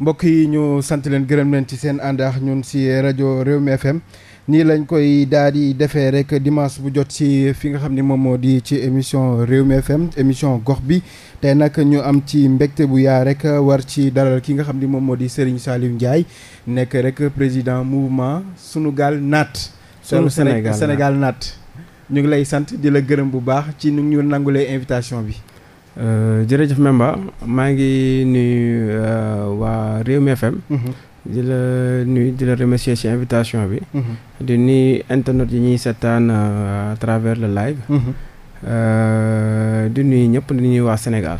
mbokk yi ñu sant leen gërëm leen ci seen ànd ak ñun si rajo Rewmi FM nii lañ koy daal di defee rek dimanche bu jot si fi nga xam ni moom moo di ci émission Rewmi FM émission gox bi te nag ñu am ci mbegte bu yaa rek war ci dalal ki nga xam ni moom moo di Serigne Saliou Ndiaye nekk rek président mouvement sunu gaal naat. sunu Sénégal naat ñu ngi lay sant di la gërëm bu baax ci nu ñu nangulee invitation bi. Euh, jërëjëf Memba maa ngi nuyu euh, waa Rewmi FM. Mhm. di la nuyu di la remercier ci invitation bi. Mhm. di nuyu internet yi ñuy seetaan euh, à travers le live. Mhm. di nuyu ñëpp di ñuy waa Sénégal.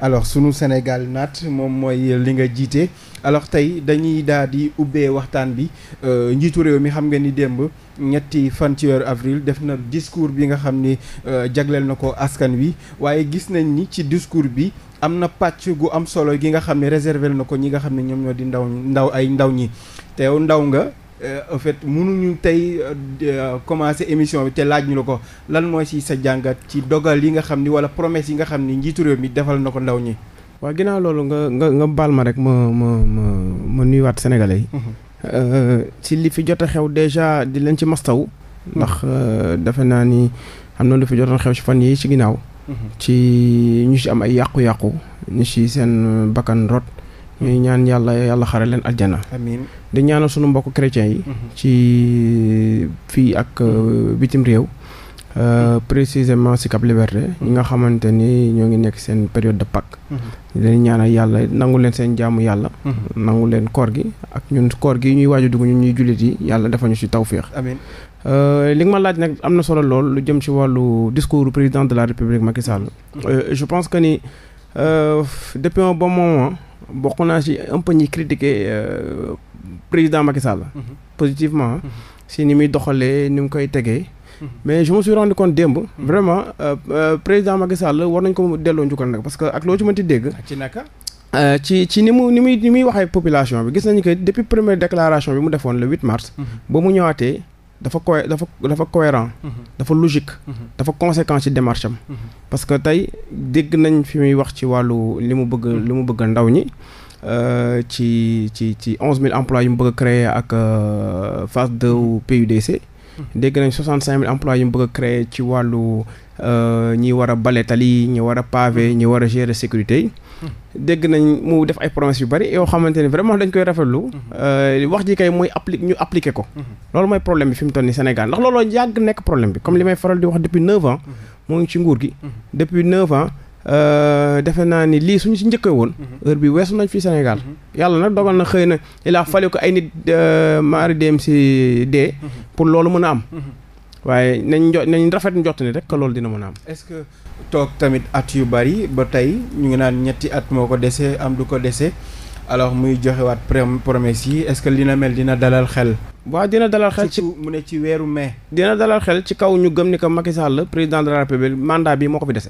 alors sunu Sénégal naat moom mooy li nga jiite. alors tey dañuy daal di ubbee waxtaan bi euh, njiitu réew mi xam nga ni démb ñetti fan avril def na discours bi nga xam ni euh, jagleel na ko askan wi waaye gis nañ ni ci discours bi am na pàcc gu am solo gi nga xam ne réservé na ko ñi nga xam ne ñoom ñoo di ndaw ndaw ay ndaw ñi te ndaw nga euh, en fait mënuñu tey commencer émission bi te laaj ñu la ko lan mooy si sa jàngat ci dogal yi nga xam ni walla promesse yi nga xam ni njiitu réew mi defal na ko ndaw ñi waa ginnaaw loolu nga nga baal ma rek ma ma ma ma nuyuwaat sénégalais yi. Mhm. Euh, li fi jot a xew déjà di leen ci mastaw. Mhm. ndax euh, defe naa ni am na lu fi jotoon xew ci fan yi ci ginnaaw. Mhm. ci ñu si am ay yàqu-yàqu. ñu si seen euh, bakkan rot. ñuy ñaan yàlla yàlla xare leen aljana. amiin di ñaanal sunu mbokk chrétiens yi. ci fii ak bitim réew. Euh, précisément Sicap Liberté. ñi nga xamante ni ñoo ngi nekk seen période de Pâques. Mhm. dañuy ñaanal yàlla nangu leen seen jaamu yàlla. Mhm. nangu leen koor gi ak ñun koor gi ñuy waaj a dugg ñun ñuy jullit yi yàlla dafa ñu ci tawféex. Euh, li nga ma laaj nag am na solo lool lu jëm ci wàllu discours président de la république Macky Sall. Mhm. Euh, je pense que ni depuis un bon moment bokk naa ci un peu ñi président Macky Sall. positivement si ni muy doxalee ni mu koy tegee. mais je me suis rendu compte démb. vraiment euh, euh, président Macky Sall war nañ ko delloo njukkal nag parce ak loo ci mënti dégg. Euh, ci ni mu ni muy waxee population bi gis nañu que depuis première déclaration bi mu defoon le 8 mars. Mhm. ba mu ñëwaatee dafa co dafa dafa mhm. dafa logique. Mhm. dafa conséquent ci démarche am. tey dégg nañ fi muy wax ci wàllu li mu bëgg li mu bëgg ndaw ñi. ci ci ci onze mille emplois yu mu bëgg a créer ak phase deux PUDC. dégg nañ 65000 emplois yu mu bëgg créer ci wàllu euh, ñi war a bale tali ñi war a pavé ñi war a gérer sécurité yi. dégg nañ mu def ay promesses yu bari yoo xamante ne vraiment dañ koy rafetlu. Euh, wax ji kay mooy appli ñu appliquer ko. loolu mooy problème bi fi mu toll nii Sénégal ndax looloo yàgg nekk problème bi comme li may faral di wax depuis 9 ans. moo ngi ci nguur gi. depuis 9 ans. Euh, defe naa ni lii suñu si njëkkee woon. Mhm. heure bi weesu nañ fi Sénégal. Mhm. yàlla nag dogal na xëy na il a fallu ko ay nit euh, maari dem si dee. Mhm. pour loolu mën a am. waaye nañ jo nañ rafet njott ni rek que loolu dina mën a am. est-ce que toog tamit at yu bari ba tey ñu ngi naan ñetti at moo ko dese am du ko dese alors muy joxewaat promesse yi est-ce que li na mel dina dalal xel. waaw dina dalal xel ci mu ne ci weeru mai. dina dalal xel ci kaw ñu gëm ni que Macky Sall président de la République mandat bi moo ko fi dese.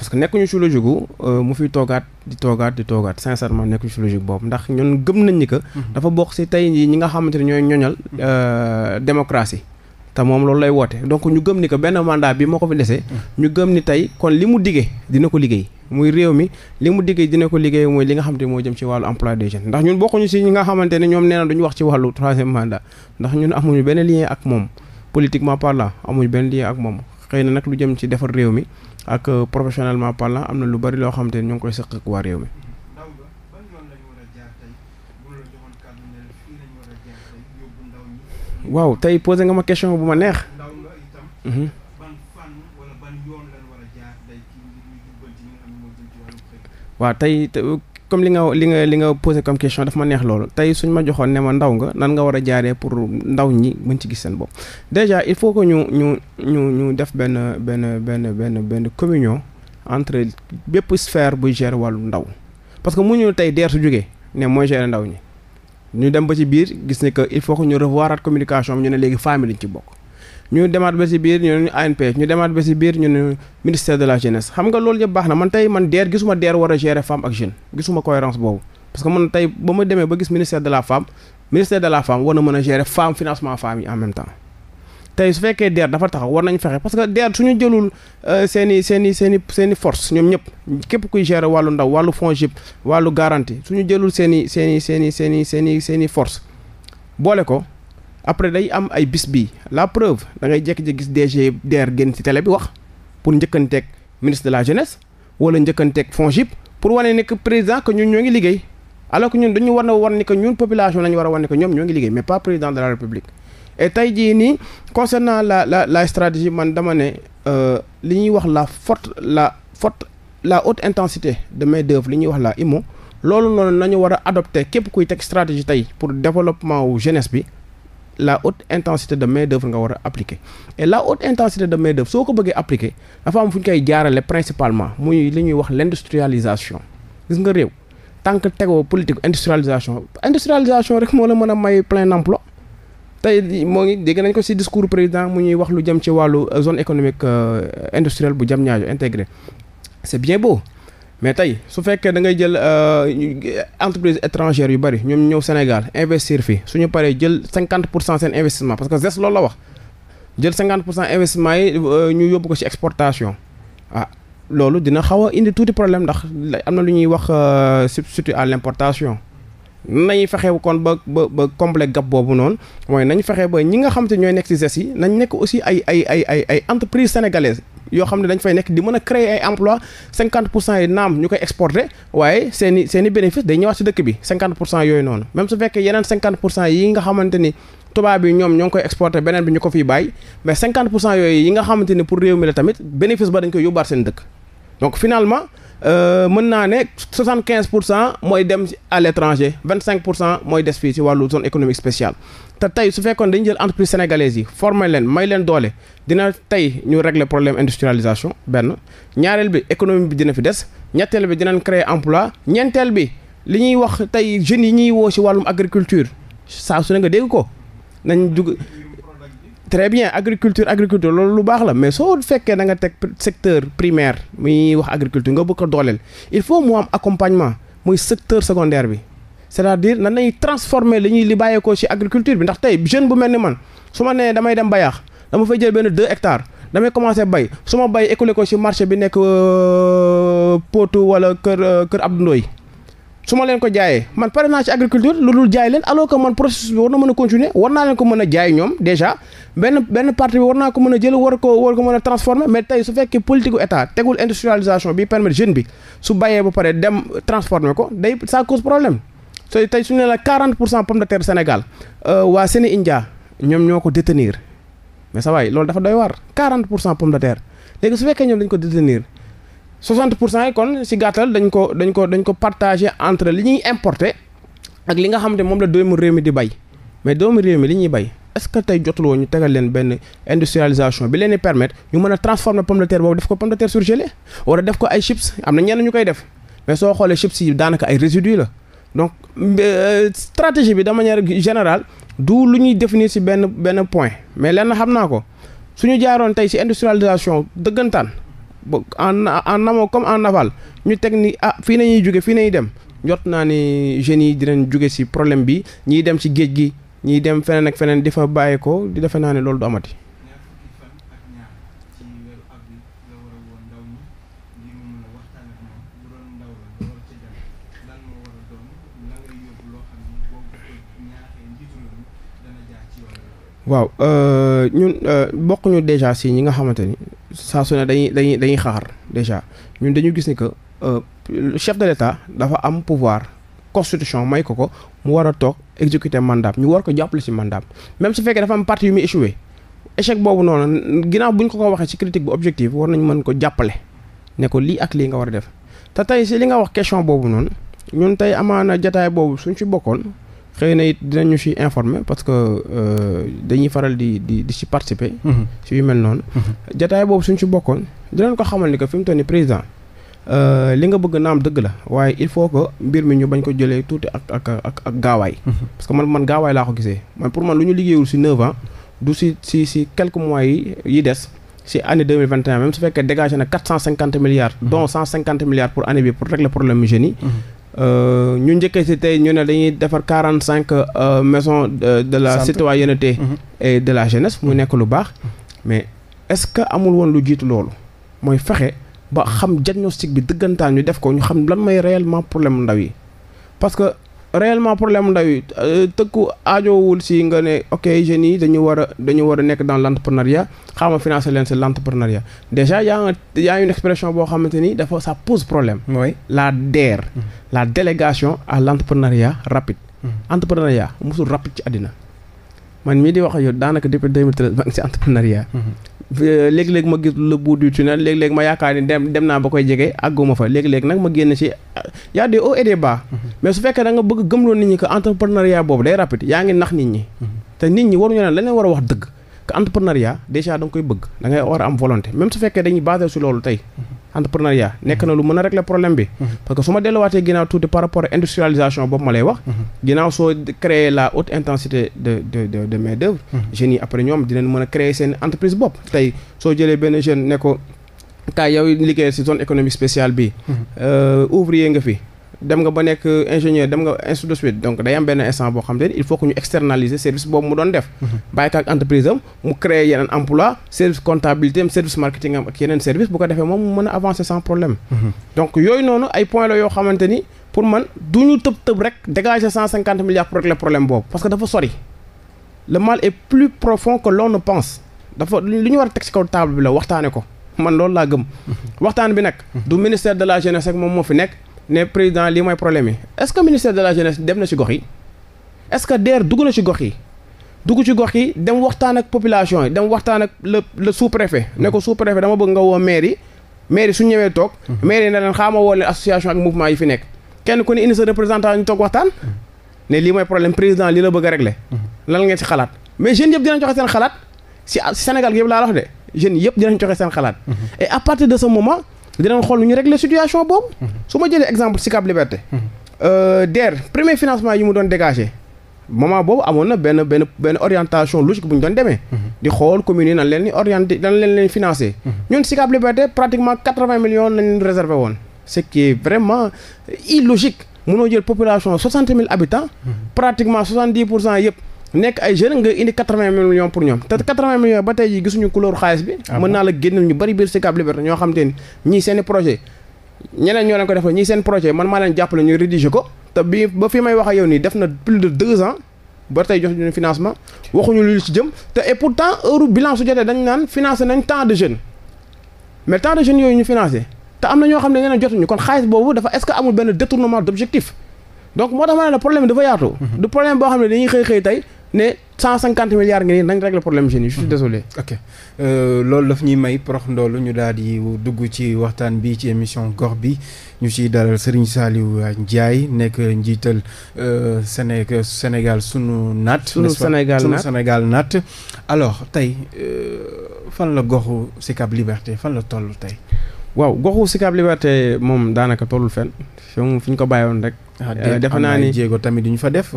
parce que nekkuñu ci logique gu euh, mu fiy toogaat di toogaat di toogaat sincèrement nekkuñu ci logique boobu ndax ñun gëm nañ ni que. Mhm. dafa bokk ci tey ñi nga xamante ne ñooy ñoñal. Mhm. Euh, démocratie. te moom loolu lay woote donc ñu gëm ni que benn mandat bi moo ko fi desee mhm. ñu gëm ni tey kon li mu diggee dina ko liggéey muy réew mi li mu diggee dina ko liggéey mooy li nga xamante moo jëm ci wàllu emploi des jeunes ndax ñun bokkuñu ci nga xamante ne ñoom nee na duñu wax ci wàllu troisième mandat ndax ñun amuñu benn lien ak moom politiquement parlant amuñu benn lien ak moom xëy na nag lu jëm ci defar réew mi ak euh, professionnellement parlant am na lu bari loo xamante ni ñoo ngi koy sëq ak waa réew mi. waaw tey posé nga ma question bu ma neex. Mhm. waaw tey comme li nga li nga li nga posé comme question daf ma neex loolu tey suñ ma joxoon ne ma ndaw nga nan nga war a jaaree pour ndaw ñi mën ci gis seen bopp. déjà il faut que ñu ñu ñu ñu def benn benn benn benn benn communion entre bépp sphère buy gérer wàllu ndaw parce que mu ñu tey deer su jógee ne mooy gérer ndaw ñi ñu dem ba ci biir gis ne que il faut que ñu revoiraat communication ñu ne léegi famille lañ ci bokk. ñu demaat ba si biir ñu ne ANP ñu demaat ba si biir ñu ne ministère de la jeunesse xam nga loolu yëpp baax na man tey man deer gisuma deer war a gérer femme ak jeune gisuma cohérence boobu parce que man tey ba ma demee ba gis ministère de la femme ministère de la femme war na mën a gérer femme financement femme yi en même tey su fekkee deer dafa taxaw war nañ fexe parce que DER suñu jëlul euh, seen i seen i force ñoom ñëpp képp kuy gérer wàllu ndaw wàllu FONGIP e wàllu garantie suñu jëlul seen i seen i seeni seeni seen i seeni force boole ko après day am ay bis bi la preuve da ngay jékki-jékki gis DG DER génn ci télé bi wax pour njëkkanteeg ministre de la jeunesse wala njëkkanteeg FONGIP pour wane ne que président que ñun ñoo ngi liggéey alors que ñun dañu war a war ni que ñun population la ñu war a war ni que ñoom ñoo ngi liggéey mais pas président de la république. et tey jii nii concernant la la la stratégie man dama ne euh, li ñuy wax la forte la forte la haute intensité de main d'œuvre li ñuy wax la IMO loolu noonu nañu war a adopté képp kuy teg stratégie tey pour développement wu jeunesse bi. la haute intensité de main d'œuvre nga war a appliquer et la haute intensité de main d'œuvre soo ko bëggee appliquer dafa am fu ñu koy jaarale principalement muy li ñuy wax l'industrialisation gis nga réew tant que tegoo politique industrialisation industrialisation rek moo la mën a may plein emploi tey moo ngi dégg nañ ko ci discours président mu ñuy wax lu jëm ci wàllu zone économique euh, industrielle bu Diamniadio intégré c'est bien beau mais tey su fekkee da ngay jël euh, entreprise étrangère yu bari ñoom ñëw Sénégal investir fii suñu paree jël cinquante pour cent seen investissement parce que ZES loolu la wax jël cinquante pour cent investissement yi euh, ñu yóbbu ko ci exportation ah loolu dina xaw a indi tuuti problème ndax am na lu ñuy wax euh, substitut à l'importation nañu fexe kon ba ba ba combler gap boobu noonu mooy nañu fexe ba ñi nga xam te ñooy nekk ci ZES yi nañ nekk aussi ay ay ay ay ay entreprise yoo xam ne dañ fay nekk di mën a créer ay emploi cinquante pour cent yi naam ñu koy exporter waaye seen i seen i bénéfice day si dëkk bi cinquante pour cent yooyu noonu même su fekkee yeneen cinquante pour yi nga xamante ni tubaab bi ñoom ñoo ngi koy exporter beneen bi ñu ko fi bàyyi mais cinquante pour cent yooyu yi nga xamante ni pour réew mi la tamit bénéfice ba dañ koy yóbbaat seen dëkk donc finalement euh, mën naa ne soixante quinze pour cent mooy dem à l' étranger vingt cinq pour cent mooy des fii ci wàllu zone économique spéciale te tey su fekkoon dañu jël entreprise sénégalaise yi former leen may leen doole dina tey ñu régler problème industrialisation benn ñaareel bi économie bi dina fi des ñetteel bi dinañ créer emploi ñeenteel bi li ñuy wax tey jeunes yi ñuy woo ci wàllum agriculture saa su ne nga dégg ko nañ dugg très bien agriculture agriculture loolu lu baax la mais soo fekkee da teg secteur primaire muy wax agriculture nga bëgg ko dooleel il faut mu am accompagnement muy secteur secondaire bi c'est-à-dire na lañuy transformer li ñuy li bàyyeekoo ci agriculture bi ndax tey jeune bu mel ni man su ma nee damay dem bayaax dama fay jël benn deux hectares damay commencé bay su ma bay écoulé ko ci marché bi nekk euh, Potou wala kër euh, kër Abdou Ndoye su ma leen ko jaayee man pare naa ci agriculture lu dul jaay leen alors que man processus bi war na mën a continuer war naa leen ko mën a jaay ñoom déjà benn benn partie bi war naa ko mën a jël war ko war ko mën a transformer mais tey su fekkee politique gu état tegul bi permettre jeune bi su bayee ba pare dem transformer ko day ça cause problème tey tey su ñu nee la pour cent pomme de terre Sénégal euh, waa Séné India ñoom ñoo ko détenir mais sa waay loolu dafa doy war 40 pour cent pomme de terre léegi su fekkee ñoom dañ ko détenir 60 pour cent yi kon si gàttal dañ ko dañ ko dañ ko partagé entre li ñuy importer ak li nga xam te moom la doomu réew mi di bay mais doomu réew mi li ñuy bay est-ce que tey jotul woon ñu tegal leen benn industrialisation bi leen di permettre ñu mën a transformer pomme de terre boobu def ko pomme ko ay na ñenn ñu koy def mais soo xoolee chips yi daanaka ay résidus la. donc euh, stratégie bi de manière générale du lu ñuy définir ci benn benn point mais lenn xam naa ko suñu jaaroon tey ci industrialisation dëggantaan en en amont comme en aval ñu teg ni ah fii ñuy jóge fii nañuy dem jot naa ni jeunes yi dinañ jóge ci problème bi ñuy dem ci géej gi ñuy dem feneen ak feneen di fa bàyyi ko di defe naa ne loolu du amati waaw euh, ñun euh, bokk ñu déjà si ñi nga xamante ni saa ne dañuy dañuy dañuy xaar déjà ñun dañu gis ni que euh, chef de l'État dafa am pouvoir constitution may ko ko mu war a toog exécuter mandat ñu war ko jàppale si mandaam même su fekkee dafa am parti yu muy échoué échec boobu noonu ginnaaw bu ñu ko ko waxee ci critique bu objectif war nañu mën ko jàppale ne ko lii ak lii nga war a def te tey si li nga wax question boobu noonu ñun tey amaana jataay boobu suñ ci bokkoon. xëy na it dinañu ci informer parce que euh, dañuy faral di di di ci participer. Mhm. ci yu mel noonu. Mhm. jataay boobu suñ ci bokkoon dinañ ko xamal ni que fi mu président. Euh, li nga bëgg naam dëgg la waaye il faut que mbir mi ñu bañ ko jëlee tuuti ak ak ak ak gaawaay. Mhm. parce que man man gaawaay laa ko gisee man pour man lu ñu liggéeyul ci 9 ans du ci ci ci quelques mois yi yi des ci année 2021 su fekkee dégagé na 450 milliards. dont milliards pour année bi pour Euh, ñu njëkkee si tey ñu ne dañuy defar quarante cinq euh, maison de la citoyenneté mhm. et de la jeunesse mu mhm. nekk lu baax mais est-ce que amul woon lu jiit loolu mooy fexe ba xam diagnostic bi dëggantaan ñu def ko ñu xam lan mooy réellement problème ndaw yi parce réellement problème ndaw yi euh, tëkku aajowul si nga ne ok jeunes yi dañu war a dañu war a nekk dans l' entrepreneuriat xaama finance leen si l' entrepreneuriat déjà y' a y' a une expression boo xamante ni dafa sa pose problème. mooy la DER. Mm-hmm. la délégation à l' entrepreneuriat rapide. Mm-hmm. entrepreneuriat musul rapide ci àddina man mii di wax yow daanaka depuis 2013 ba ngi si entrepreneuriat. Mm-hmm. Euh, léeg-léeg ma gis le bout du tunnel léeg-léeg ma yaakaar ni dem dem naa ba koy jege àgguma fa léeg-léeg nag ma génn ci euh, yaa a o hauts et mhm. mais su fekkee da nga bëgg gëmloo nit ñi que entrepreneuriat boobu day rapide yaa ngi nax nit ñi mhm. te nit ñi waruñu naan la leen war a wax dëkk que entrepreneuriat déjà da nga koy bëgg da war a am volonté même su fekkee dañuy basé su loolu tey entrepreneuriat nekk na lu mën a régler problème bi mhm. parce que su ma delluwaatee ginnaaw tuuti par rapport à industrialisation boobu ma lay wax mhm. ginnaaw soo créer la haute intensité de de de de main d'œuvre mhm. jeunes yi après ñoom dinañ mën a créer seen entreprise bopp tey soo jëlee benn jeune ne ko kaay yow liggéey si zone économique spéciale bi euh, ouvrier nga fi dem nga ba nekk ingénieur dem nga institut de suite donc day am benn instant boo xam ne il faut que ñu externaliser service boobu mu doon def. Mhm. bàyyi ko ak entreprise am mu créer yeneen emploi service comptabilité am service marketing am ak yeneen service bu ko defee moom mu mën a avancer sans problème. Mhm. donc yooyu noonu ay points la yoo xamante ni pour man du ñu tëb tëb rek dégager cent cinquante milliards pour régler problème boobu parce que dafa sori. le dafa lu ñu war a teg ci kaw bi la waxtaane ko man loolu laa gëm. Mhm. waxtaan bi nag. du ministère de la jeunesse ak moom moo fi nekk. ne président lii mooy problème yi est-ce que ministère de la jeunesse dem na ci gox yi est-ce que DER dugg na ci gox yi dugg ci gox yi dem waxtaan ak population yi dem waxtaan ak le le sous-préfet ne ko sous-préfet dama bëgg nga woo maire yi su ñëwee toog mhm. maire yi ne leen xaama woo leen association ak mouvement yi fi nekk kenn ku ne indi sa représentant ñu toog waxtaan mhm. ne lii mooy problème président lii la bëgg a régler mhm. lan ngeen ci xalaat mais jeunes yëpp dinañ joxe seen xalaat si Sénégal gi yëpp laa wax de yëpp dinañ joxe seen xalaat et de ce moment dina xool nu ñu régler situation boobu. su ma jëlee exemple Sicap Liberté. Euh, DER premier financement yi mu doon dégagé. moment boobu amoon na benn benn benn orientation logique bu ñu doon demee. di xool communes yi nan leen ni orienté nan leen leen financé. ñun Sicap Liberté pratiquement quatre vingt millions lañ leen réservé woon. ce qui est vraiment illogique. mënoo jël population soixante mille habitants. pratiquement soixante dix pour cent yëpp. nekk ay jeunes nga indi quatre vingt millions pour ñoom te quatre vingt millions ba tey jii gisuñu couleur xaalis bi. Ah mën naa la génneel ñu bari biir Sicap Liberté ñoo xam te ni ñii seen projet ñeneen ñoo leen ko def ñii seen projet man maa leen jàppale ñu rédiger ko te bii ba fi may wax ak yow nii def na plus de ans ba tey jox ñu financement waxuñu lu ci jëm te et pourtant heure bilan su jotee dañ naan financé nañ tant de jeunes mais tant de jeunes ñoo xam ne nee na jotuñu kon boobu dafa est-ce que amul benn détournement d'objectif donc mm-hmm. boo xam ne dañuy xëy xëy tey ne cent cinquante milliards ngeen nañ régler problème jeunes yi je suis mhm. désolé. ok euh, loolu daf ñuy may prox ndoolu ñu daal di dugg ci waxtaan bi ci émission gox bi ñu ciy dalal Serigne Saliou Ndiaye nekk njiital euh, Séné Sénégal sunu naat. sunu Sénégal naat sunu naat. alors tey euh, fan la goxu Sicap Liberté fan la toll tey. waaw goxu Sicap Liberté moom daanaka tollul fenn fi mu ñu ko bàyyi woon rek. Ah, eh, defe naa ni jéego tamit duñu fa def.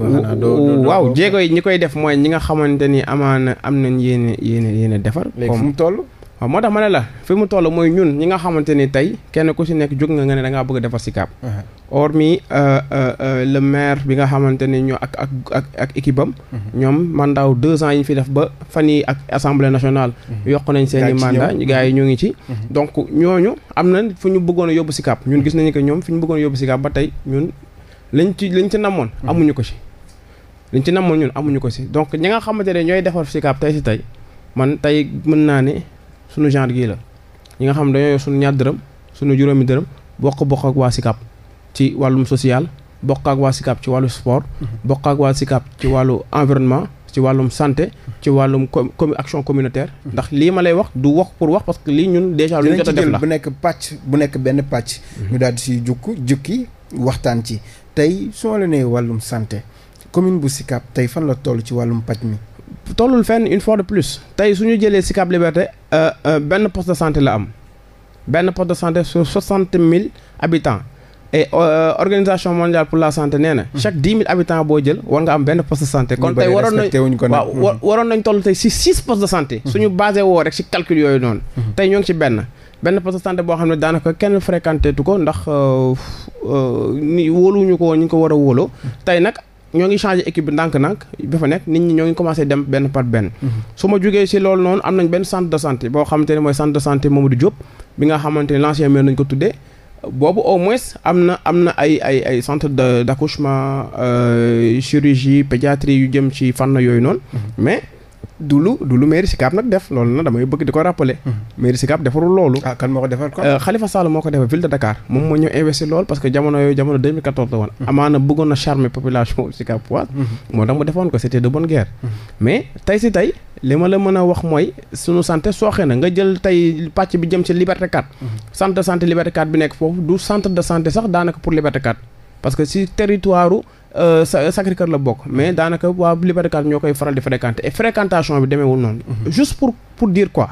waaw jéego yi ñi koy def mooy ñi nga xamante ni amaana am na yéen a yéen yéen a defar. léegi fu mu toll waaw moo tax ma ne la fi mu toll mooy ñun ñi nga xamante ni tey kenn ku si nekk jóg nga nga ne da ngaa a defar Sicap hormis uh-huh. uh, uh, uh, le maire bi nga xamante ni ñoo ak ak ak ak équipe am uh-huh. ñoom mandat deux ans yi ñu fi def ba fan yi ak assemblée nationale uh-huh. yokk nañ seen i mandat gars yi ñoo ngi ci donc ñooñu am na fu ñu bëggoon a yóbbu Sicap ñun gis nañu que ñoom fu ñu bëggoon a yóbbu Sicap ba tey ñun lañ ci lañ ci namoon amuñu ko ci liñ ci namoon ñun amuñu ko si donc ñi nga xamante ne ñooy defar si tey man tey mën naa sunu genre gii la ñi nga xam ne dañoo yor suñu ñaar dërëm suñu juróomi dërëm bokk bokk ak waa SICAP ci wàllum social bokk ak waa SICAP ci wàllu sport mhm. bokk ak waa SICAP ci wàllu environnement ci wàllum santé mhm. ci wàllum com action communautaire mhm. ndax lii ma lay wax du wax pour wax parce que lii ñun déjà lu ñu a def la bu nekk pàcc bu nekk benn pàcc ñu daal di si jukku jukki waxtaan ci tey su ma la nee wàllum santé commune bu SICAP tey fan la toll ci wàllum paj mi tollul fenn une fois de plus tey ñu jëlee Sicap Liberté euh, euh, benn poste de santé la am benn poste de santé sur soixante mille habitants et euh, organisation mondiale pour la santé nee na. chaque dix mille habitants boo jël war nga am benn poste de santé. kon tey waroon nañ waaw waroon nañ toll tey si six postes de santé. suñu basé woo rek si calcul yooyu noonu. tey ñoo ngi ci benn. benn poste de santé boo xam ne daanaka kenn fréquenté tu ko ndax ni wóoluwuñu ko ñu ngi ko war a wóoloo tey nag. ñoo ngi changé équipe bi ndànk-ndànk ba fa nekk nit ñi ñoo ngi commencé dem benn par benn. Mhm. su ma jugee si loolu noonu am nañ benn centre de santé boo xamante ne mooy centre de santé Mamadou Diop nga xamante ne l'ancien maire nañ ko tuddee. boobu au moins am na am na ay ay ay centre de d' accouchement euh, chirurgie pédiatrie yu jëm ci fànn yooyu noonu mhm. mais. du lu du lu mairie Sicap nag def loolu nag damay bëgg di ko rappeler. Mhm. mairie Sicap defarul loolu. ah kan euh, moo ko defar ville de Dakar moom moo ñëw investir loolu parce que jamono yooyu jamono 2014 la woon. Mhm. amaana bëggoon na charmer population Sicapoise. Mhm. moo tax mu defoon ko c'était de bonne guerre. mais tey si tey li ma la mën a wax mooy sunu santé sooxe na nga jël tey pàcc bi jëm ci Liberté 4. centre de santé Liberté 4 bi nekk foofu du centre parce que si territoire Euh, la bokk mais mhm. daanaka waa Liberté 4 ñoo koy faral di fréquenter et fréquentation bi demeewul noonu. Mhm. juste pour pour dire quoi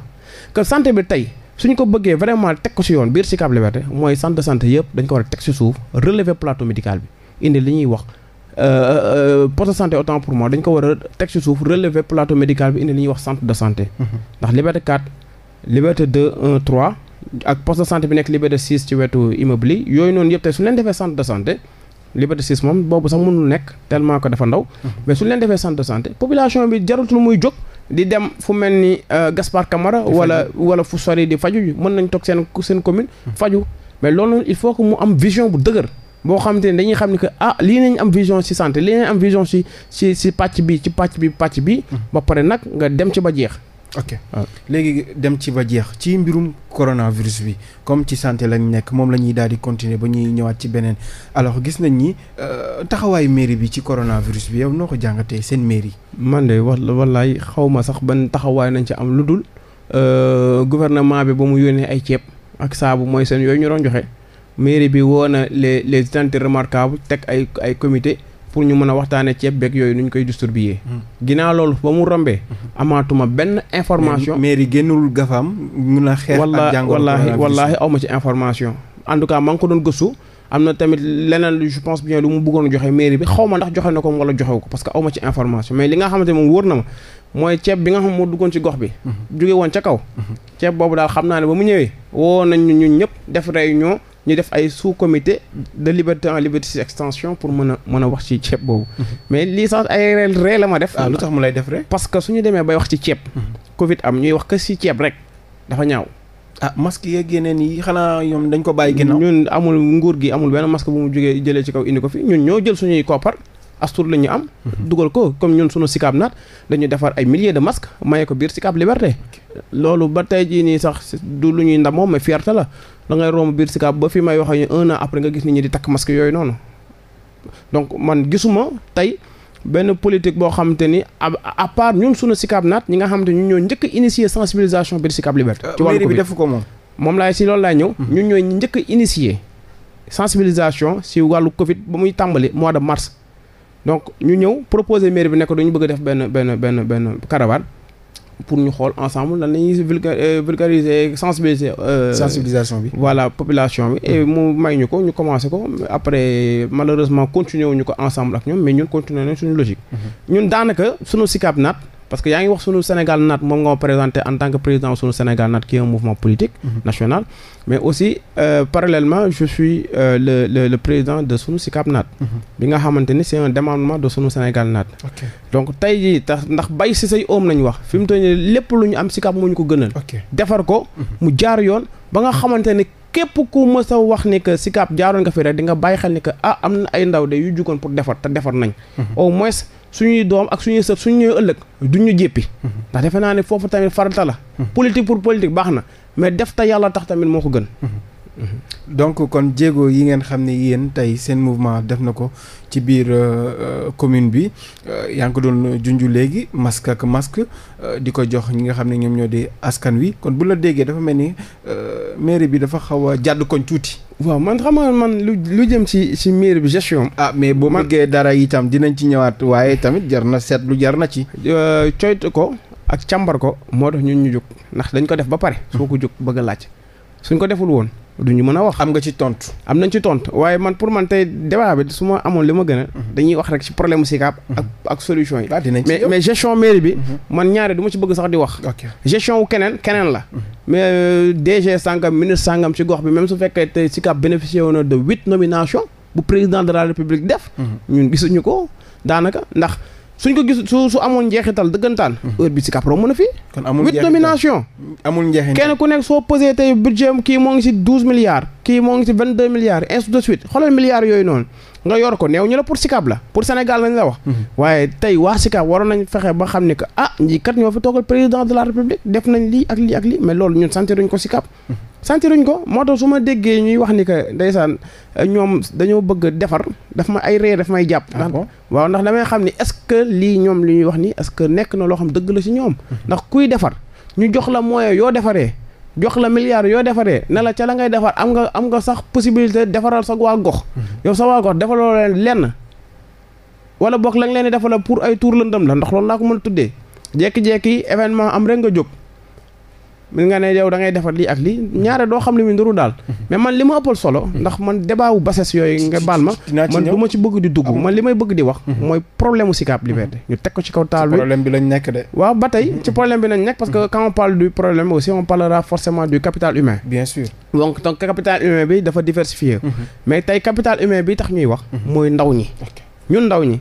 que santé bi tey ñu ko bëggee vraiment teg ko ci yoon biir Sicap Liberté mooy centre santé yëpp dañ ko war a teg ci suuf relever plateau médical bi indi li ñuy wax euh, euh, euh, poste de santé autant pour moi dañ ko war a teg ci suuf relever plateau médical bi indi li ñuy wax centre de santé. Mhm. ndax Liberté 4 Liberté 2 1 3 ak poste de santé bi yooyu noonu yëpp tey su leen defee liberté 6 moom boobu sax mënul nekk tellement ko dafa ndaw. Mhm. mais suñ leen defee centre de santé population bi jarutul muy jóg. di dem fu mel ni euh, Gaspard Camara. wala wala fu sori di faju mën nañ toog seen seen commune. Mhm. faju mais loolu il faut que mu am vision bu dëgër. boo xamante ne dañuy xam ni que ah lii nañ am vision si santé lii nañ am vision si si ci pàcc bi ci pàcc bi pàcc bi. Mhm. ba pare nag nga dem ci ba jeex. ok ah. léegi dem ci ba jeex ci mbirum coronavirus bi comme ci santé lañ nekk moom la ñuy daal di continuer ba ñuy ñëwaat ci beneen alors gis nañ ni euh, taxawaayu mairie bi ci coronavirus bi yow noo ko jàngatee seen mairie. man de wax wallaay xaw ma sax ban taxawaay nañ ci am lu dul euh, gouvernement bi ba mu yónnee ay ceeb ak saabu mooy seen yooyu ñu doon joxe mairie bi woo na les les entités remarquables teg ay ay comité. pour ñu mën a waxtaanee ceeb beeg yooyu nu ñu koy distribuer. Hmm. ginnaaw loolu ba mu rombee. Hmm. amaatuma benn information. mais yi génnul gafaam mun a xeex ak jàngoro wallaahi wallaahi aw ma ci en tout cas maa ngi ko doon gëstu am na tamit leneen je pense bien lu mu bëggoon joxe mairie bi xaw ma ndax joxe na ko wala joxewu ko parce que aw ma ci information mais li nga xamante moom wóor na ma mooy ceeb bi nga xam moo duggoon ci gox bi. Hmm. jóge woon ca kaw. ceeb boobu daal xam naa ne ba mu ñëwee woo nañ ñun ñëpp ñu def ay sous comité de liberté en liberté si extension pour mën a mën a wax ci ceeb boobu mhm. mais lii sax ay reel ree la ma def ah, lu tax mu lay def rek parce que suñu demee bay wax ci ceeb mhm. covid am ñuy wax que si ceeb rek dafa ñaaw ah masque yeeg yeneen yi xanaa ñoom dañ ko bàyyi ginnaaw ñun amul nguur gi amul benn masque bu mu jógee jëlee ci kaw indi ko fi ñun ñoo jël suñuy koppar astur la ñu am mhm. dugal ko comme ñun suñu sikaab naat dañu defar ay milliers de masques maye ko biir sikaab liberté loolu ba tey jii nii sax du lu ñuy ndamoo mais fierté la da ngay romb biir Sicap ba fi may wax ñu un an après nga gis nit ñi di takk masque yooyu noonu donc man gisuma tey benn politique boo xamante ni à part ñun sunu Sicap naat ñi nga xamante ñu ñoo njëkk a initier sensibilisation biir Sicap Liberté. ci wàllu ko moom. moom laay si loolu laay ñëw. Mhm. ñun ñooy njëkk a sensibilisation si wàllu Covid ba muy tàmbali mois de mars donc ñu ñëw proposer maire bi nekk dañu bëgg a def benn benn benn benn caravane. pour ñu xool ensemble lan la ñuy euh, vulgariser sensibiliser. Euh, sensibilisation bi. voilà population bi. et mu may ñu ko ñu commencé ko après malheureusement continuer wu ko ensemble ak ñoom mais ñun continuer nañ suñu logique. Mhm. ñun daanaka suñu Sicap Naat. parce que yaa ngi wax sunu Sénégal naat moom nga ma présenté en tant que président sunu Sénégal naat qui est un mouvement politique mhm. national mais aussi euh, parallèlement je suis euh, le le le président de sunu Sicap naat mhm. bi nga xamante ni c'est un démembrement de sunu Sénégal naat donc tey jii tax ndax bay si say oom nañu wax fi mu toll nii lépp lu ñu am Sicap moo ñu ko gënal defar ko mhm. mu jaar yoon ba nga xamante ne képp ku mës a wax ni que Sicap jaaroon nga fi rek di nga bàyyi xel ni que ah am na ay ndaw de yu pour defar te defar nañ au moins suñuy doom ak suñuy sëf suñu ñëwee ëllëg du ñu jéppi mhm. ndax defe naa ne foofu tamit farata la mhm. politique pour politique baax na mais def te yàlla tax tamit moo ko gën mhm. Mhm. donc kon jéego yi ngeen xam ne yéen tey seen mouvement def na ko ci biir euh, euh, commune bi euh, yaa ngi ko doon junju léegi masque ak masque di ko jox ñi nga xam ne ñoom ñoo di askan wi kon bu la déggee dafa mel ni mairie bi dafa xaw a jàdd koñ tuuti. waaw man xam man lu lu jëm ci ci mairie bi gestion ah mais bu bëggee dara itam dinañ ci ñëwaat waaye tamit jar na seet lu jar na ci. coytu ko ak càmbar ko moo tax ñun ñu jóg ndax dañ ko def ba pare. soo ko jóg bëgg a laaj suñ ko deful woon. du ñu mën a wax. am nga ci tontu. am nañ ci tontu waaye man pour man tey débat bi su ma amoon li ma gën a. Mhm. dañuy wax rek ci problème SICAP. ak mhm. ak solution yi. Ah, mais mais gestion mairie bi. Mhm. man ñaare du ma ci bëgg sax di wax. gestion wu keneen keneen la. mais euh, DG sangam ministre sangam ci gox bi même su fekkee te SICAP bénéficié woon de huit nominations bu président de la république def. ñun gisuñu ko daanaka ndax. suñ ko gis su su amoon njeexital dëggantaan. Hmm. heure bi si mën a fi. kon amul njeexital huit nomination. amul njeexital kenn ku nekk soo pesee tey budget kii moo ngi si douze milliards. kii moo ngi si vingt deux milliards ainsi de suite xoolal milliards yooyu noonu nga yor ko néew ñu la pour Sicap la pour Sénégal lañ la wax. Hmm. waaye tey waa Sicap waroon nañ fexe ba xam ne que ah ñii kat ñoo fi toogal président de la république def nañ lii ak lii ak lii mais loolu ñun santiruñ ko Sicap hmm. sentiruñ ko moo tax su ma déggee ñuy wax ni que deysaan eh, ñoom dañoo bëgg a defar daf ma ay ree daf may jàpp. ko ah waaw ndax damay xam ni est-ce que lii ñoom li ñuy wax ni est que nekk na loo xam dëgg la ci ñoom. Mhm. ndax kuy defar ñu jox la moyen yoo defaree. jox la milliard yoo defaree ne la ca la ngay defar am nga am nga sax possibilité defaral sa waa gox. Mhm. yow sa waa gox defaloo leen lenn. wala boog la nga leen di defal pour ay tour lëndëm la ndax loolu laa ko mën a tuddee. jékki événement am rek nga jóg. mi nga ne yow da ngay defar lii ak lii ñaare doo xam li muy nduru daal mhm. mais man li ma ëppal solo ndax man débat wu bases yooyu nga baal ma man du ma ci bëgg di dugg man li may bëgg di wax mhm. mooy problème u Sicap Liberté mhm. ñu teg ko ci kaw taal bi problème bi nekk de waaw ba tey ci problème bi lañ nekk parce que quand on parle du problème aussi on parlera forcément du capital humain bi dafa diversifié mais tey capital humain bi tax ñuy wax mooy ndaw ñi ñun ndaw ñi.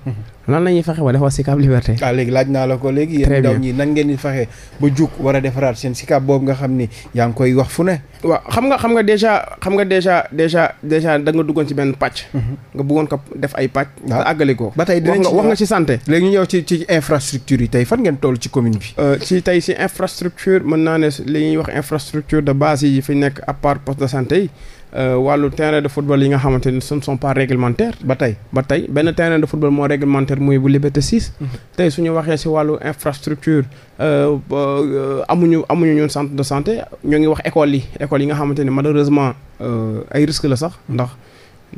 lan la ñuy fexe ba defar Sicap Liberté. ah léegi laaj naa la ko léegi. yéen ndaw ñi nan ngeen di fexe ba jug war a defaraat seen Sicap boobu nga xam ni yaa ngi koy wax fu ne. waaw xam nga xam nga déjà xam nga déjà déjà déjà da nga duggoon ci benn pàcc. Mhm. nga bëggoon ko def ay pàcc. waaw ah. te àggali ko. ba tey dinañ wax nga ah. ci santé. léegi ñu ñëw ci ci infrastructure yi tey fan ngeen toll ci commune bi. Euh, ci tey si infrastructure mën naa ne li ñuy wax infrastructure de base yi fi nekk à part poste Euh, wàllu terrain de football yi nga xamante ne ce ne sont pas réglementaires ba tey ba tey benn terrain de football moo réglementaire muy bu Liberté 6. Mhm. tey suñu waxee si wàllu infrastructure euh, euh, amuñu amuñu ñun centre de santé ñoo ngi wax école yi école yi nga xamante ne malheureusement ay risque la sax mhm. ndax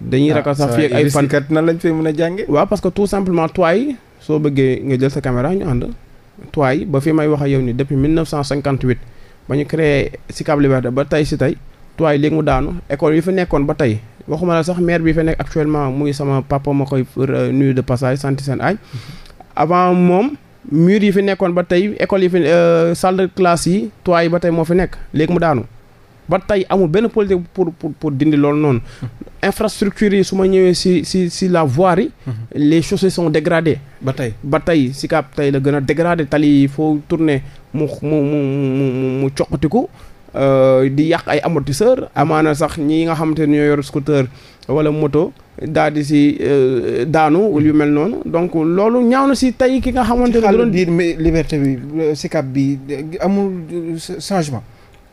dañuy ah, ragal sax fii ay fan kat nan lañ fay mën a jànge waaw parce que tout simplement toit yi soo bëggee nga jël sa caméra ñu ànd toit yi ba fi may wax ak yow ni depuis 1958 ba ñu créé Sicap Liberté ba tey si tey tuwaay léegi mu daanu école yi fi nekkoon ba tey waxuma la sax maire bi fa nekk actuellement muy sama papa ma koy euh, nuyu de passage sant seen aaj avant moom mur yi fi nekkoon ba tey école yi fi euh, salle de classe yi toit yi ba tey moo fi nekk léegi mu daanu ba tey amul benn politique pour pour pour dindi loolu noonu infrastructure yi su ma ñëwee si si si la voirie yi mhm. les chaussées sont dégradées ba tey ba tey si kaab tey la gën a dégradé tali foo tourné mu mu mu mu mu coqatiku Euh, di yàq ay amortisseur amaana sax ñi nga xamante ne ñoo scooter wala moto daal di si euh, daanu yu mel noonu donc loolu ñaaw na si tey ki nga xamante ne. da doon mais liberté bi euh, Sicap bi amul changement.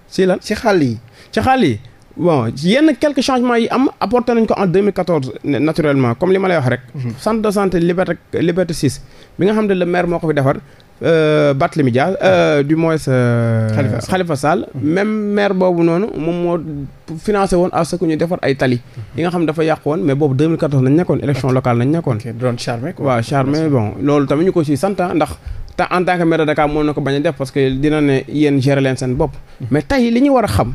si lan si xàll yi. ci xàll yi bon yenn quelques changements yi am apporté nañ ko en 2014 naturellement comme li ma lay wax rek. Mhm. centre de santé liberté liberté bi nga xam ne le maire moo ko fi defar. Euh, Barthélémy Dias euh, du moins. Euh, Khalifa Sall Khalifa Sall mhm. maire boobu noonu moom moo financé woon à ce defar ay tali. Mhm. yi nga xam dafa yàq woon mais boobu 2014 nañ nekkoon élection locale nañ nekkoon. ok doon charmé quoi. waaw charmé bon loolu tamit ñu ko siy sant ah, ndax. te en tant que maire de Dakar moom a def parce leen seen bopp. mais li ñu war a xam.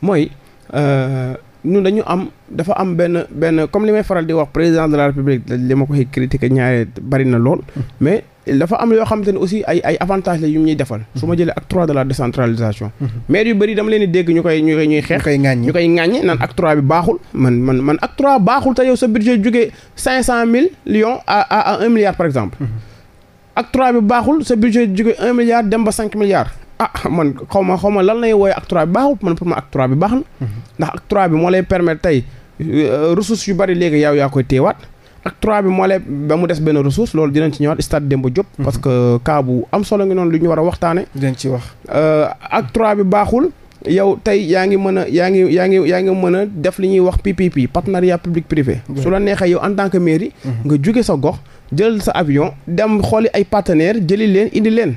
mooy. Euh, ñun dañu am dafa am benn benn comme li may faral di wax président de la république li ma koy critiquer ñaare bari na lool. Hmm. mais dafa am yoo xamante ne aussi ay ay avantages la yu ñuy defal. su ma hmm. jëlee acte trois de la décentralisation. Hmm. mais yu bëri dama leen di dégg ñu koy ñu koy ñuy xeex. ñu koy ŋaññi koy ŋaññi naan acte trois bi baaxul. man man man acte trois baaxul te yow sa budget jógee cinq cent mille lions à à un milliard par exemple. ak trois bi baaxul sa budget jóge un milliard dem ba cinq milliards ah man xaw ma xaw ma lan lay wooye acte trois bi baaxul man pour ak acte trois bi baax na mhm. ndax acte trois bi moo lay permettre tey euh, ressources yu bari léegi yow yaa koy téewaat acte trois bi moo ba mu des benn ressource loolu dinañ ci ñëwaat stade Demba Diop mhm. parce que cas am solo ngi noonu lu ñu war a waxtaane dinañ ci wax euh, acte trois bi baaxul yow tey yaa ngi mën a yaa ngi yaa ngi yaa ngi mën a def li ñuy wax PPP partenariat public privé su la neexee yow en tant que mairie mhm. nga jóge sa gox jël sa avion dem xooli ay partenaires jëli leen indi leen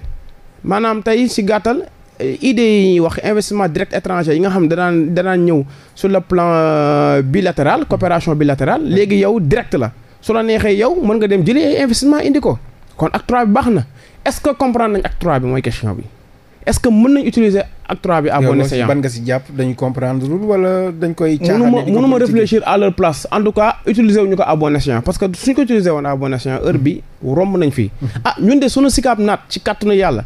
manaam tey si gàttal eh, idées yi wax investissement direct étranger yi nga xam danaa danaa ñëw su le plan euh, bilatéral coopération bilatérale léegi yow direct la su la neexee yow mën nga dem jëli ay indi ko kon ak trois bi baax na est-ce que comprendre nañ ak trois bi mooy question bi est-ce que mën nañ utiliser acte trois bi à bon escient ban nga si jàpp dañu comprendre lul wala dañ koy caaxaan mënu ma réfléchir à leur place en tout cas utiliser wuñu ko à bon escient parce que suñ ko utiliser woon à bon escient heure bi romb nañ fii mm-hmm. ah ñun de suñu sikaab naat ci kàttanu yàlla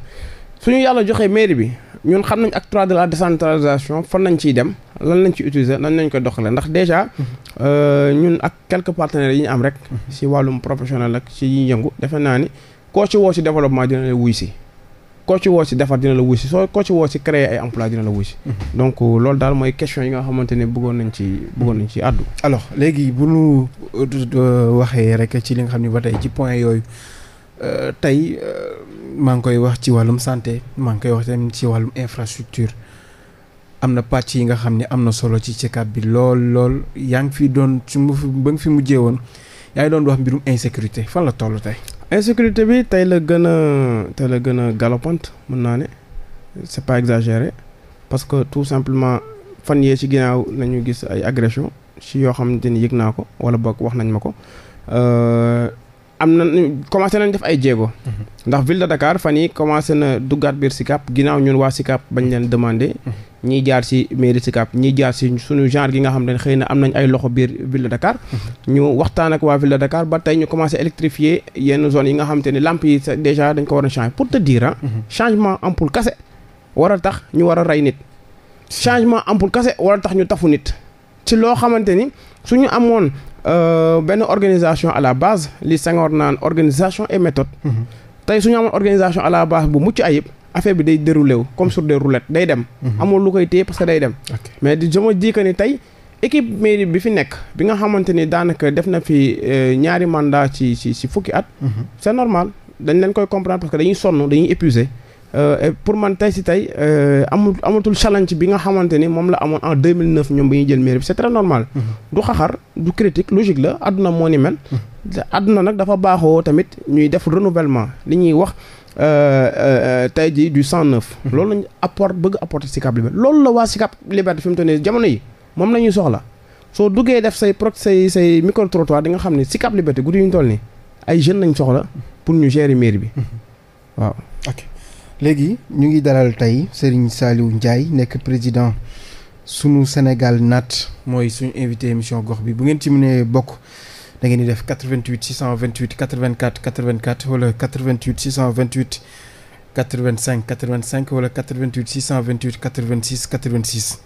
suñu yàlla joxee mairie bi ñun xam nañ acte trois de la décentralisation fan nañ ciy dem lan lañ ci utiliser nan lañ ko doxalee ndax déjà mm-hmm. euh, ñun ak quelque partenaire yi ñu am rek mm-hmm. si wàllum professionnel ak ci yiy yëngu defe naa ni koo woo si développement dina la si koo ci woo si defar dina la wuy si soo koo ci woo si créer ay emploi dina la wuy si mhm. donc euh, loolu daal mooy question yi nga xamante ne bëggoon nañ ci bëggoon nañ ci àddu alors léegi bu ñu euh, euh, waxee rek ci li nga xam ne ba tey ci point yooyu tey maa ngi koy wax ci wàllum santé maa ngi koy wax tamit ci wàllum infrastructure am na pàcc yi nga xam ne am na solo ci check-up bi lool lool yaa ngi fi doon su ma ba nga fi mujjee woon yaa ngi doon wax mbirum insécurité fan la toll tey insécurité bi tey la gën a tey la gën a galopante mën naa ne c'est pas exagéré parce que tout simplement fan yee ci ginnaaw nañu gis ay agression ci yoo xamante ni yëg naa ko wala boog wax nañ ma ko euh, am na nu commencé nañ def ay jéego. Mm-hmm. ndax ville de Dakar fan yi commencé na duggaat biir Sicap ginnaaw ñun waa Sicap bañ leen demandé. Mm-hmm. ñiy jaar si mairie Sicap ñiy jaar si suñu genre gi nga xam ne xëy na am nañ ay loxo biir ville de mhm. ñu waxtaan ak waa ville de ba tey ñu commencé électrifier yenn zone yi nga xam te ni lamp yi déjà dañ ko war a changer pour te dire ah changement ampoule kase war a tax ñu war a rey nit changement ampoule kase war a tax ñu tafu nit ci loo xamante ni su ñu amoon euh, benn organisation à la base li Senghor naan organisation et méthode mhm. tey suñu amoon organisation à la base bu mucc ayib affaire bi day déroulé wu comme mm-hmm. sur des roulettes day dem. Mm-hmm. amul lu koy téye parce que day dem. mais je me dis que ni tey équipe mairie bi fi nekk bi nga xamante ni daanaka def na fi euh, ñaari mandat ci ci ci fukki at. Mm-hmm. c'est normal dañu leen koy comprendre parce que dañuy sonn dañuy épuisé. Euh, pour man tey si tey euh, amul amatul challenge bi nga xamante ni moom la amoon en deux 2009 ñoom ba ñuy jël mairie bi c'est très normal. du xaxar du critique logique la àdduna moo ni mel. àdduna nag dafa baaxoo tamit ñuy def renouvellement li ñuy wax. Euh, euh, tey jii du 109. Mhm. loolu lañu apport bëgg apporter Sicap Liberté loolu la waa Sicap Liberté fi mu toll nii jamono yi moom la ñuy soxla soo duggee def say pro say say micro trottoir di nga xam ne Sicap Liberté guddi ñu toll nii ay jeunes lañ soxla pour ñu gérer maire bi mhm. waaw. léegi ñu ngi dalal tey Serigne Saliou njaay nekk président. sunu Sénégal natt mooy suñu invité émission gox bi bu ngeen ci mënee bokk da ngeen di def 88 628 84 84 wala 88 628 85 85 wala 88 628 86 86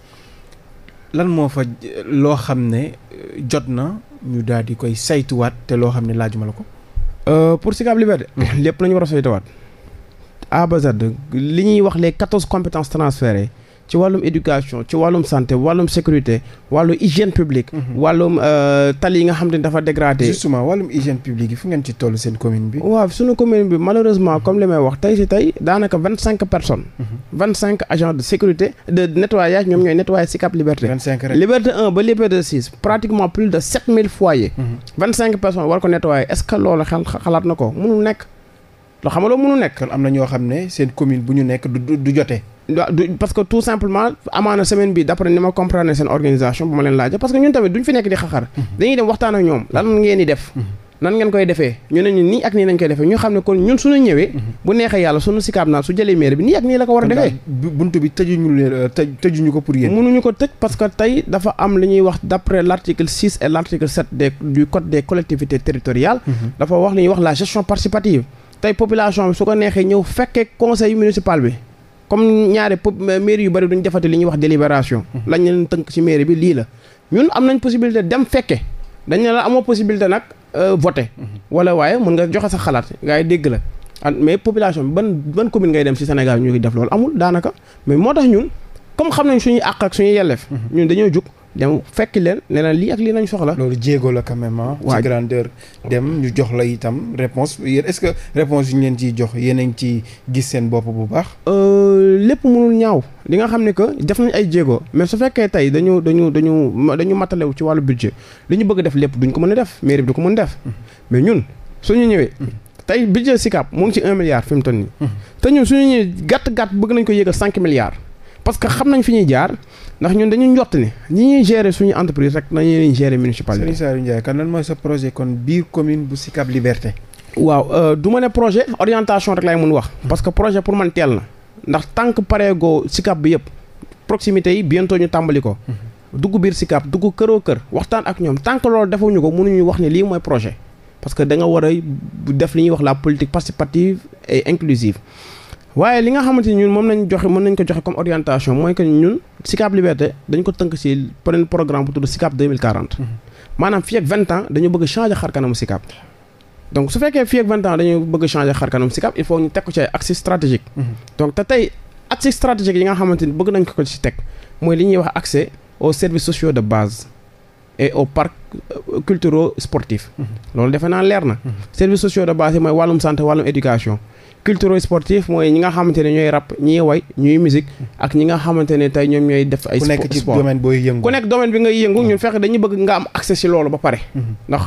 lan moo fa loo xam ne euh, jot na ñu daal di koy saytuwaat te loo xam ne laajuma la ko. Euh, pour Sicap Liberté. lépp la ñu war a saytuwaat. A ba Z li ñuy wax les quatorze compétences transférées. ci wàllum éducation ci wàllum santé wàllum sécurité wàllu hygiène publique. Mhm. wàllum euh, tali yi nga xam ne dafa dégradé. justement wàllum hygiène publique yi fu ngeen ci toll seen commune bi. waaw suñu commune bi malheureusement mhm. comme li may wax tey si tey daanaka vingt cinq personnes. Mhm. vingt cinq agents de sécurité de nettoyage ñoom ñooy nettoyer Sicap Liberté. vingt cinq rek Liberté 1 ba Liberté 6 pratiquement plus de sept mille foyers. vingt cinq personnes war na ko mënul loo xam nga loolu mënu nekk am na ñoo xam ne seen commune bu ñu nekk du du jotee. parce que tout simplement amaana semaine bi d'après ni ma comprendre seen organisation bu ma leen laajee parce que ñun tamit duñ fi nekk di xaxar. Mhm. dañuy dem waxtaan ak ñoom lan ngeen di def. Mhm. nan ngeen koy defee ñu ne ñu nii ak nii lañ koy defee ñu xam ne kon ñun suñu ñëwee mhm. bu neexee yàlla suñu sikaab naa su jëlee maire bi nii ak nii la ko war a defee bunt bi tëjuñu leen euh, ko pour yéen mënuñu ko tëj parce que tey dafa am li ñuy wax d'après l'article six et l'article sept des du code wax la gestion tey population bi su ko neexee ñëw fekkee conseil municipal bi comme ñaare euh, mairie yu bari duñ defati li ñuy wax délibération. Hmm. lañ leen tënk ci mairie bi lii la ñun am nañ possibilité dem fekkee dañ ne la amoo possibilité nag euh, voter. Hmm. wala waaye mën nga joxe sa xalaat gars dégg la. mais population bi ban ban commune ngay dem ci Sénégal ñu ngi def loolu amul daanaka mais moo tax ñun comme xam nañ suñuy àq ak suñuy yelleef. Hmm. ñun dañoo jug dem fekk leen ne lii ak lii nañ soxla. loolu jéego la quand même ci grandeur dem ñu jox la itam réponse yéen est-ce que réponse yu ñu leen ciy jox yéen a ngi ciy gis seen bopp bu baax. Euh, lépp mënul ñaaw li nga xam ne que def nañ ay jéego mais su fekkee tey dañu dañu dañu dañu matalew ci wàllu budget li ñu bëgg def lépp duñ ko mën a def mairie bi du ko mën def hmm. mais ñun su ñu ñëwee. Hmm. tey budget SICAP mu ngi ci un milliard fi mu toll nii. Hmm. te ñun suñu ñëwee gàtt gàtt bëgg nañ ko yéegal cinq milliards. parce que xam nañ fi ñuy jaar ndax ñun dañuy njott ni ñi ñuy gérer suñu entreprise rek nañu leen gérer municipalité. Serigne Saliou Ndiaye mooy sa projet kon biir commune bu Sicap Liberté. waaw euh, du ma ne projet orientation rek lay mun wax. parce que projet pour man teel na. ndax tànk pareegoo Sicap bi yëpp proximité yi bientoo ñu tàmbali ko. dugg biir Sicap dugg këroo kër waxtaan ak ñoom tànk loolu defuñu ko mënuñu wax ne lii mooy projet. parce que da nga war a def li ñuy wax la politique participative et inclusive. waaye li nga xamante ni ñun moom nañ joxe mën nañ ko joxe comme orientation mooy que ñun Sicap Liberté dañ ko tënk si beneen programme bu tudd Sicap 2040 mhm. maanaam fii ak 20 ans dañu bëgg changer xar kanamu Sicap donc su fekkee fii ak 20 ans dañu bëgg changer xar kanamu Sicap il faut ñu teg ko ci ay axes stratégiques mhm. donc te tey axes stratégiques yi nga xamante ni bëgg nañ ko ko ci teg mooy li ñuy wax accès aux services sociaux de base et au parcs euh, culturo sportifs mhm. loolu defe naa leer na services sociaux de base mooy wàllum santé wàllum éducation culture sportive mooy ñi nga xamante ne ñooy rap ñiy way ñuy musique ak ñi nga xamante ne tey ñoom ñooy def ay sport ku nekk ci domaine booy yëngu ku bi ngay yëngu ñun fexe dañuy bëgg nga am accès si loolu ba pare mhm. ndax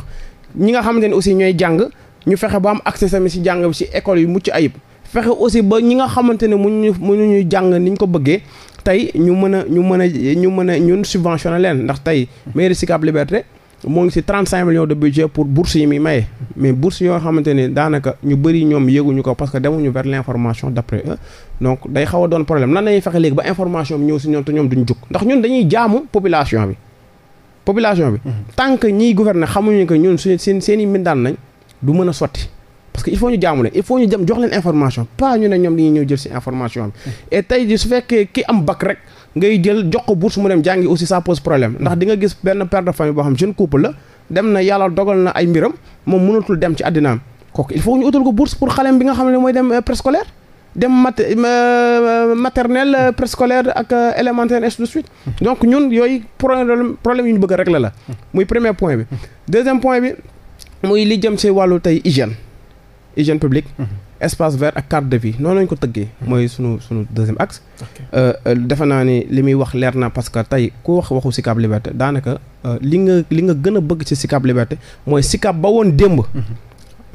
ñi nga xamante ne aussi ñooy jàng ñu fexe ba am accès tamit si jàng bi si école yu mucc ayib fexe aussi ba ñi nga xamante ne mënuñu mënuñu jàng ni ñu ko bëggee tey ñu mën a ñu mën a ñu mën a ñun subventionné leen ndax tey mairie Sicap Liberté moo ngi si 35 millions de budget pour bourse yi maye mais bourse yoo xamante ne daanaka ñu bëri ñoom yéeguñu ko parce que demuñu vers l' information d' après donc day xaw doon problème nan lañuy fexe léegi ba information bi ñëw si ñoom mhm. xamuñu que ñun suñu seen seen mbindaan nañ du mën a sotti parce que il faut ñu jaamu leen il faut ñu dem jox leen information pas ñu ne ñoom dañuy ñëw jël si information bi mhm. et ji su fekkee ki am bac rek ngay jël jox ko bourse mu dem jàngi aussi ça pose problème ndax dinga nga gis benn père de famille boo xam jeune couple la dem na yàlla dogal na ay mbiram moom mënatul dem ci àddina kooku il faut ñu utal ko bourse pour xalem bi nga xam ne mooy dem euh, préscolaire dem mat euh, euh, maternelle préscolaire ak élémentaire ainsi de suite donc ñun yooyu problème problème yu ñu bëgg rek régler la muy premier point bi deuxième point bi muy li jëm si wàllu tey hygiène hygiène publique mhm. espace vert ak carte de vie noonu lañ ko tëggee. Hmm. mooy sunu sunu deuxième axe. Euh, euh, defe naa ni li muy wax leer na parce que tey ku wax waxu Sicap Liberté daanaka euh, li nga li nga gën a bëgg ci Sicap Liberté mooy Sicap ba woon démb.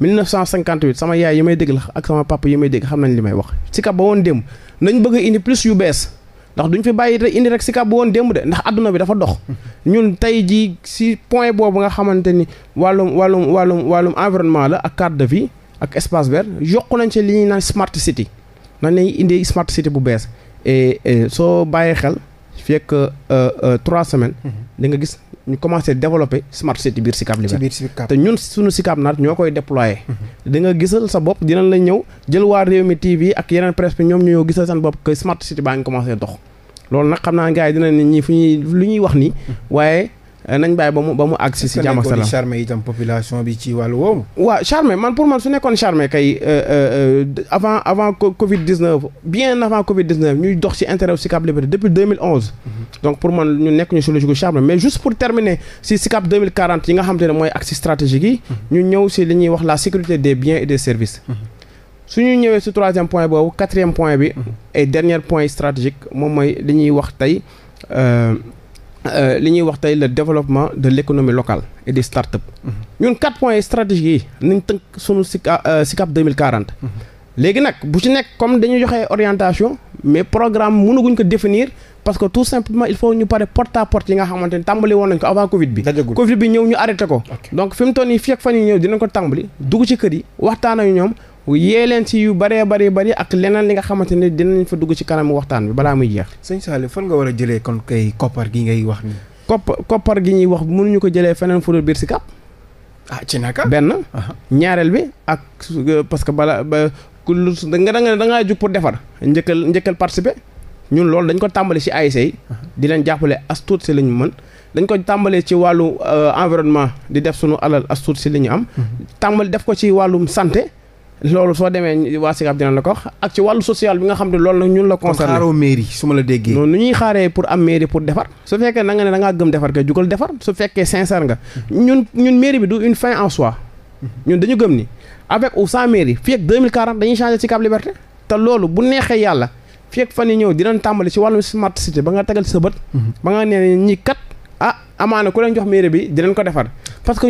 1958 hmm. sama yaay yi may dégg la ak sama papa yi may dégg xam nañ li may wax Sicap ba woon démb nañ bëgg indi plus yu bees. ndax duñ fi bàyyi indi rek Sicap bu woon démb de ndax adduna bi dafa dox hmm. ñun tey jii si point boobu nga xamante ni wàllum wàllum wàllum wàllum environnement la ak carte de vie ak espace vert yokku nañ ci li ñuy naan smart city na lañ indi smart city bu bees et soo bàyyee xel fii ak euh, euh, trois semaines mhm. di nga gis ñu commencé développer smart city biir Sicap Liberté te ñun suñu Sicap naat ñoo koy déployer mhm. danga gisal sa bopp dinañ la ñëw jël waa Rewmi TV ak yeneen presse bi ñoom ñoo gisal seen bopp que smart city baa ngi commencé dox loolu nag xam naa gars yi dinañ ne ñii fu ñuy lu ñuy wax nii mhm. waaye Eh, nañ bàyyi ba mu ba mu àgg si si jàmm ak salaam charme itam bi ci wàllu woowu. waaw charme man pour man su nekkoon charme kay eh, eh, avant avant Covid 19 bien avant Covid 19 ñuy dox ci intérêt Sicap Liberté depuis 2011. Mhm. donc pour man ñu nekk ñu si logique charme mais juste pour terminer si Sicap 2040 yi nga xam te ne mooy axe stratégique yi. Mhm. ñu ñëw si li ñuy wax la sécurité des biens et des services. Mhm. su ñu ñëwee si troisième point boobu quatrième point bi. et dernier point stratégique mooy li ñuy wax tey. Euh, Euh, li ñuy wax tey le développement de l' économie locale et des start up. Mhm. ñun quatre points stratégiques yi nañ tënk sunu SICAP euh, SICAP deux mille mhm. léegi nag bu ci nekk comme dañu joxe orientation mais programme mënaguñ ko définir parce que tout simplement il faut ñu pare porte à porte yi nga xamante ni tàmbali woon nañ ko avant Covid bi. Covid bi ñëw ñu arrêté ko. donc fi mu toll nii fii ñëw dinañ ko tàmbali. dugg ci kër yi waxtaan ak ñoom. yee leen ci yu bëree bëri bëri ak leneen li nga xamante ni dinañ fa dugg ci kanam waxtaan bi balaa muy jeex. sëñ Saliou fan nga war a jëlee kon kay koppar gi ngay wax ni kopp koppar gi ñuy wax mënuñu ko jëlee feneen fudul biir si kàpp. ah ci naka. benn ñaareel bi ak euh, parce que bala ba ku lu nga da nga da ngaa jug pour defar njëkkal njëkkal participer ñun loolu dañ ko tàmbali ci ay yi. di leen jàppale as tuut si la ñu mën. dañ ko tàmbalee ci wàllu euh, environnement di def sunu alal as tuut si ñu am. tàmbali def ko ci wàllum santé. loolu soo demee waa Sicap dina la ko wax ak ci wàllu social bi nga xam ne loolu la ñun la concerné xaaroo mairie su ma la déggee noonu ñuy xaaree pour am mairie pour defar su fekkee na ne da ngaa gëm defar kay jugal defar su fekkee sincère nga ñun ñun mairie bi du une fin en soi ñun dañu gëm ni avec ou sans mairie fii ak 2040 dañuy changé Sicap Liberté te loolu bu neexee yàlla fii ak fan yi ñëw dinañ tàmbali ci wàllu smart city ba nga tegal ci sa bët ba nga nee ñi kat ah amaana ku leen jox mairie bi dinañ ko defar parce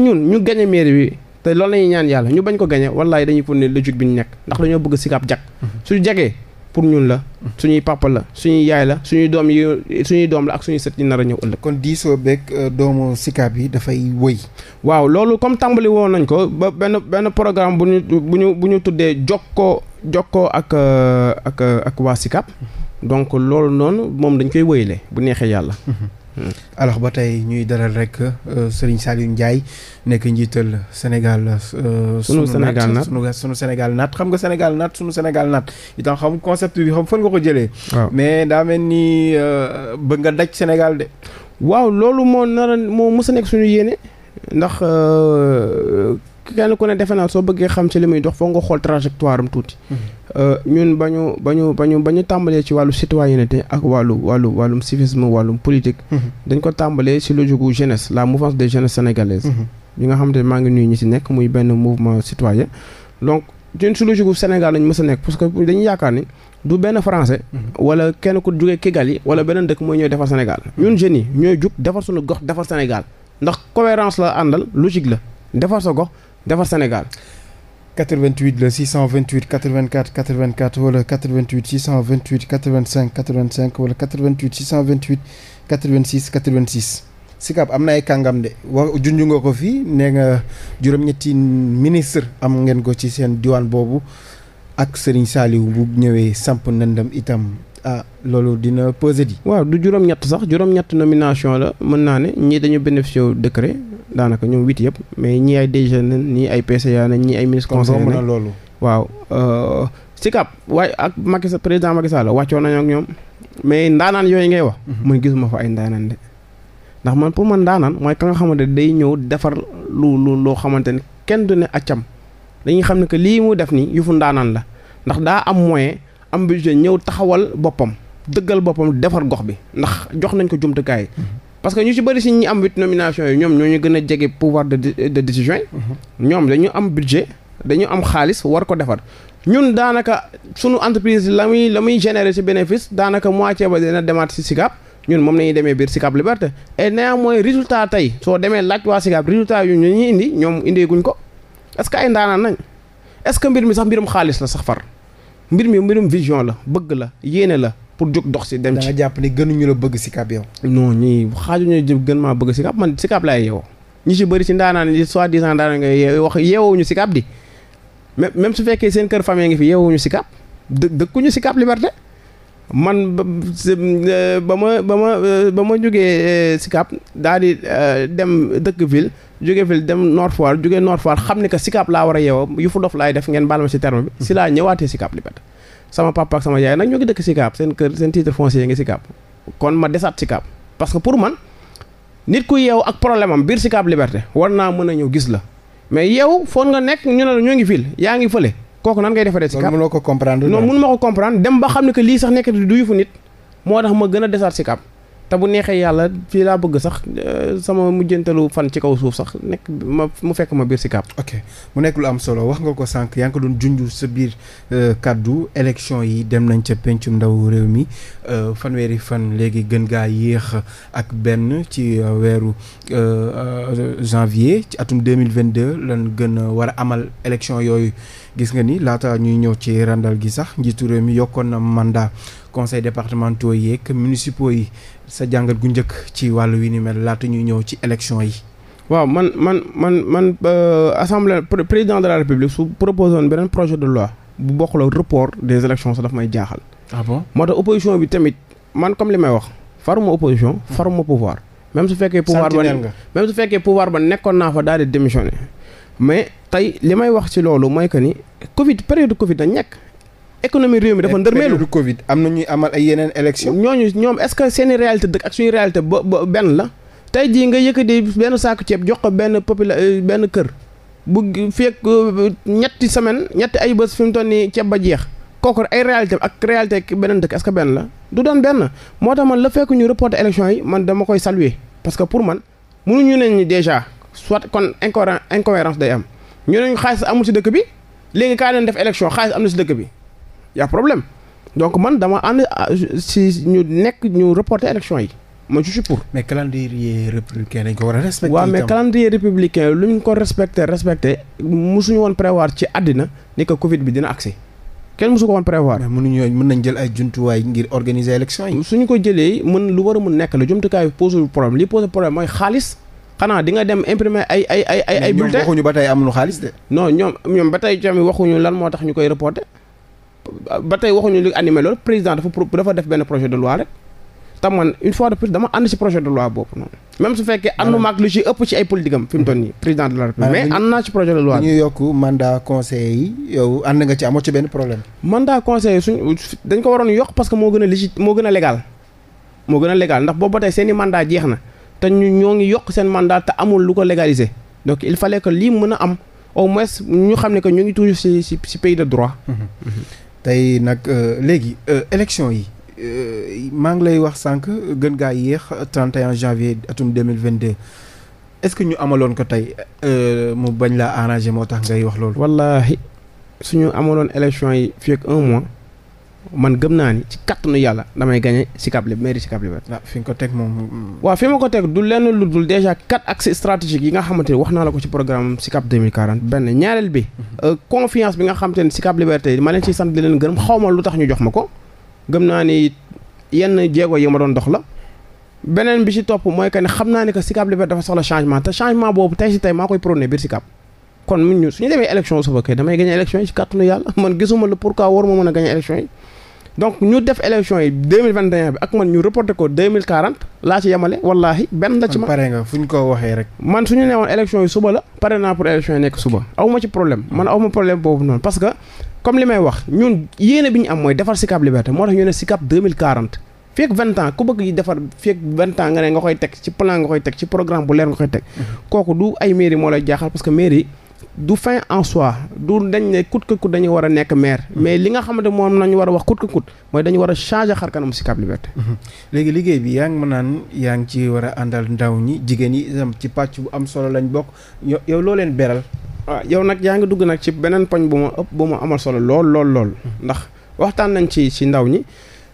te loolu la ñuy ñaan yàlla ñu bañ ko gañe wallaay dañuy fourni logique bi ñu nekk ndax dañoo bëgg Sicap jag mhm. su jagee pour ñun la mhm. suñuy papa la suñuy yaay la suñuy doom yi suñuy doom la ak suñu set yi nar a ñëw ëllëg kon diisoo beeg euh, doomu Sicap yi dafay wëy waaw loolu comme tàmbali woon nañ ko ba benn benn programme bu ñu bu ñu bu ñu tuddee jokkoo jokkoo ak euh, ak euh, ak waa Sicap mhm. donc loolu noonu moom dañ koy wëyle bu neexee yàlla Hmm. alors ba tey ñuy dalal rek euh, Serigne Saliou Ndiaye nekk njiital Sénégal. Euh, sunu Sénégal naat sunu sunu Sénégal naat xam nga Sénégal nat sunu Sénégal naat itam xam concept bi xam fan nga ko jëlee. mais daa mel ni euh, bëgg nga daj Sénégal de. waaw loolu moo nar a moo mës nekk suñu yéene ndax kenn ku ne defe naa soo bëggee xam ci li muy dox foog nga xool trajectoire am tuuti. Hmm. Euh, ñun ba ñu ba ñu ba ñu ba ñu tàmbalee ci wàllu citoyenneté ak wàllu wàllu wàllum civisme wàllu politique. Mhm. dañ ko tàmbalee si le jogu jeunesse la mouvance des jeunes sénégalaises. ñi mhm. nga xamante ne maa ngi nuyu ñi si nekk muy benn mouvement citoyen donc ñun su le jogu Sénégal lañ mës a nekk parce que dañu yaakaar ni du benn français. Mhm. wala kenn ku jógee Kigali wala beneen dëkk mooy ñooy defar Sénégal. ñun jeunes yi ñooy jug defar suñu gox defar Sénégal ndax cohérence la àndal logique la defar sa gox defar Sénégal. 88 le 628 84 84 wala 88 628 85 85 wala 88 628 86 86. Sicap am na ay kàngam de wa junj nga ko fii nee nga juróom-ñetti ministre am ngeen ko ci seen diwaan boobu ak Serigne Saliou bu ñëwee samp ndëndam itam ah loolu dina peser di. waaw du juróom-ñett sax juróom-ñett nomination la mën naa ne ñii dañu bénéficier wu décret daanaka ñoom huit yëpp mais ñii ay DG nañ ñii ay PCA nañ ñii ay ministre conseil nañ loolu waaw euh, SICAP waaye ak Macky président Macky Sall wàccoon nañoo ak ñoom mais ndaanaan yooyu ngay wax mhm. man gisuma fa ay ndaanaan de ndax man pour man ndaanaan mooy ka nga xamante day ñëw defar lu lu loo xamante ne kenn du ne accam dañuy xam ne que lii mu def nii yëfu ndaanaan la ndax daa am moyen am budget ñëw taxawal boppam dëggal boppam defar gox bi ndax jox nañ ko jumtukaay mhm. parce que ñu ci bëri si ñi am huit nomination yi ñoom ñoo ñu gën a jege pouvoir de de décision mhm. ñoom dañu am budget dañu am xaalis war ko defar ñun daanaka sunu entreprise la muy la muy générer si bénéfice daanaka moitié ba dina demaat si SICAP ñun moom nañuy demee biir SICAP Liberté et néanmoins résultat tey soo demee laaj waa SICAP résultat yu ñu ñuy indi ñoom indeeguñ ko est que ay ndaanaan nañ est ce que mbir mi sax mbirum xaalis la sax far mbir mi mbirum vision la bëgg la yéene la pour jóg dox si dem ci. da nga jàpp ni gënuñu la bëgg Sicap yow. non ñii xaajuñu gën maa bëgg Sicap man Sicap laay yeewoo ñi si bëri si ndaanaan yi soit disant daanaka ngay wax yeewuñu Sicap di même su fekkee seen kër famille ngi fi yeewuñu Sicap dë dëkkuñu Sicap Liberté man ba ma e, ba ma ba ma e, jógee e, Sicap daal di dem dëkk ville jóge ville dem Nord Foire jóge Nord Foire xam ni que Sicap laa war a yeewoo yu fu dof laay def ngeen baal ma si terme bi si laa ñëwaatee Sicap Liberté sama papa ak sama yaay nag ñoo ngi dëkk Sicap seen kër seen titre foncier ngi Sicap kon ma desaat Sicap parce que pour man nit ku yeew ak problème am biir Sicap Liberté war naa mën a ñëw gis la mais yow foog nga nekk ñu ne la ñoo ngi fil yaa ngi fële kooku nan ngay defaree Sicap mënoo ko comprendre non mënu ko comprendre dem ba xam ne que lii sax nekk du yufu nit moo tax ma gën a desaat Sicap te bu neexee yàlla fii laa bëgg sax euh, sama mujjantalu fan ci kaw suuf sax nekk ma mu fekk ma biir si kàpp ok mu nekk lu am solo wax nga ko sànq yaa ngi ko doon junj sa biir euh, kàddu élection yi dem nañ ca pencum ndaw réew mi euh, fanweeri fan léegi gën gaa yéex ak benn ci weeru janvier ci atum deux mille vingt deux lan gën a war a amal élection yooyu gis nga ni laata ñuy ñëw ci randal gi sax njiitu réew mi yokkoon na mandat conseil départementaux yeeg municipaux yi. sa jàngat gu njëkk ci wàll wi ni mel laata ñuy ñëw ci élection yi. waaw man man man man euh, assemblée président de la république su proposé woon beneen projet de loi bu bokkul ak report des élections sa daf may jaaxal. ah bon moo tax opposition bi tamit man comme li may wax faruma opposition. faruma pouvoir. même su fekkee pouvoir ba même su fekkee pouvoir ba nekkoon naa fa daal di démissionné mais tey li may wax ci loolu mooy que ni Covid période Covid dañ nekk. économie réew mi dafa ndërmeelu période Covid am na ñuy amal ay yeneen élection ñooñu ñoom est-ce que seen i réalité dëkk ak suñu réalité ba ba benn la tey jii nga yëkkati benn saaku ceeb jox ko benn popula euh, benn kër bu fekk euh, ñetti semaine ñetti ay bés fi mu toll nii ceeb ba jeex kooku ay réalité ak réalité beneen dëkk est-ce que benn la du doon benn moo tax man la fekk ñu reporter élection yi man dama koy saluer parce que pour man mënuñu ne ni déjà soit kon incohérence day am ñu ne ñu xaalis amul ci dëkk bi léegi kaa leen def élection xaalis am na ci dëkk bi y' problème donc man dama ànd si ñu nekk ñu reporter élection yi ma je suis pour. mais calendrier républicain dañ ko war a respecté. waaw mais calendrier républicain lu ñu ko respecté respecté suñu woon prévoir ci àddina ni que Covid bi dina agsi kenn mu su ko woon prévoir. mais mënuñoo mun nañ jël ay jumtuwaay ngir organiser élection yi. suñu ko jëlee mën lu war a mun nekk la jumtukaay bi pose problème li pose problème mooy xaalis xanaa di nga dem imprimer ay ay ay ay. ay bulletins ñoom waxuñu ba tey amuñu xaalis non ñoom ñoom ba tey tamit waxuñu lan moo tax ñu koy reporter. ba tey waxuñu li animé loolu président dafa dafa def benn projet de loi rek une fois de plus dama ànd ci projet de loi boobu noonu même su fekkee ànduma ak lu ci ëpp ci ay politique am fi mu toll nii président de la république mais ànd naa ci projet de loi bi ñuy yokk mandat conseil yi yow ànd nga ci amoo ci benn problème mandat conseil yi suñ dañ ko waroon yokk parce que moo gën a légit moo gën a légal moo gën a légal ndax boobu ba tey seen i mandat jeex na te ñu ñoo ngi yokk seen mandat te amul lu ko légaliser donc il fallait que lii mën a am au moins ñu xam ne que ñu ngi toujours ci ci ci pays de droit mhm. Mhm. tey nag euh, léegi euh, élection yi euh, maa ngi lay wax sànq gën gaa yéex 31 janvier atum 2022 est-ce que ñu amaloon ko tey mu bañ laa arrangé moo tax ngay wax loolu. su ñu amaloon élection yi fii ak un mois. man gëm naa ni ci kattanu yàlla damay gagné Sicap Liberté mairie Sicap Liberté. Ah, fi nga ko teg moom. Mm. waaw fi ma ko teg du lenn lu dul déjà quatre axes stratégiques yi nga xamante ne wax naa la ko ci programme Sicap 2040 benn ñaareel bi. Mhm. Euh, confiance bi nga xamante ne Sicap Liberté ma leen ciy sant leen gërëm xaw ma lu tax ñu jox ma ko. naa ni yenn jéego yi ma doon dox la. beneen bi ci topp mooy que xam naa ne que Sicap Liberté dafa soxla changement te changement boobu tey si tey maa koy prôné biir Sicap. kon ñun su ñu demee élection suba kay damay gagné élection yi ci kàttanu yàlla man gisuma ma mën a donc ñu def élection yi deux mille vingt et bi ak man ñu reporté ko deux mille quarante laa ci yemale wallaahi benn la ci ma pare nga fu ñu ko waxee rek. man su ñu nee woon élection yi suba la pare naa pour élection yi nekk suba aw ma ci problème man aw problème boobu noonu parce que comme li may wax ñun yéene bi ñu am mooy defar Sicap Liberté moo tax ñu ne Sicap deux mille quarante. fii ak vingt ans ku bëgg yi defar fii ak vingt ans nga ne koy teg ci plan nga koy teg ci programme bu leer nga du fin en soi du dañ ne coûte que coûte dañu war a nekk maire mais li nga xamante moom nañu war a wax coûte que coûte mooy dañu war a changer xar kanam Sicap Liberté mhm. léegi liggéey bi yaa ngi mën naan yaa ngi ci war a àndal ndaw ñi jigéen yi itam ci pàcc bu am solo lañ bokk yow loo leen beral waaw ah, yow nag yaa ngi dugg nag ci beneen poñ bu ma ëpp bu ma amal solo lool lool lool mhm. ndax waxtaan nañ ci ci ndaw ñi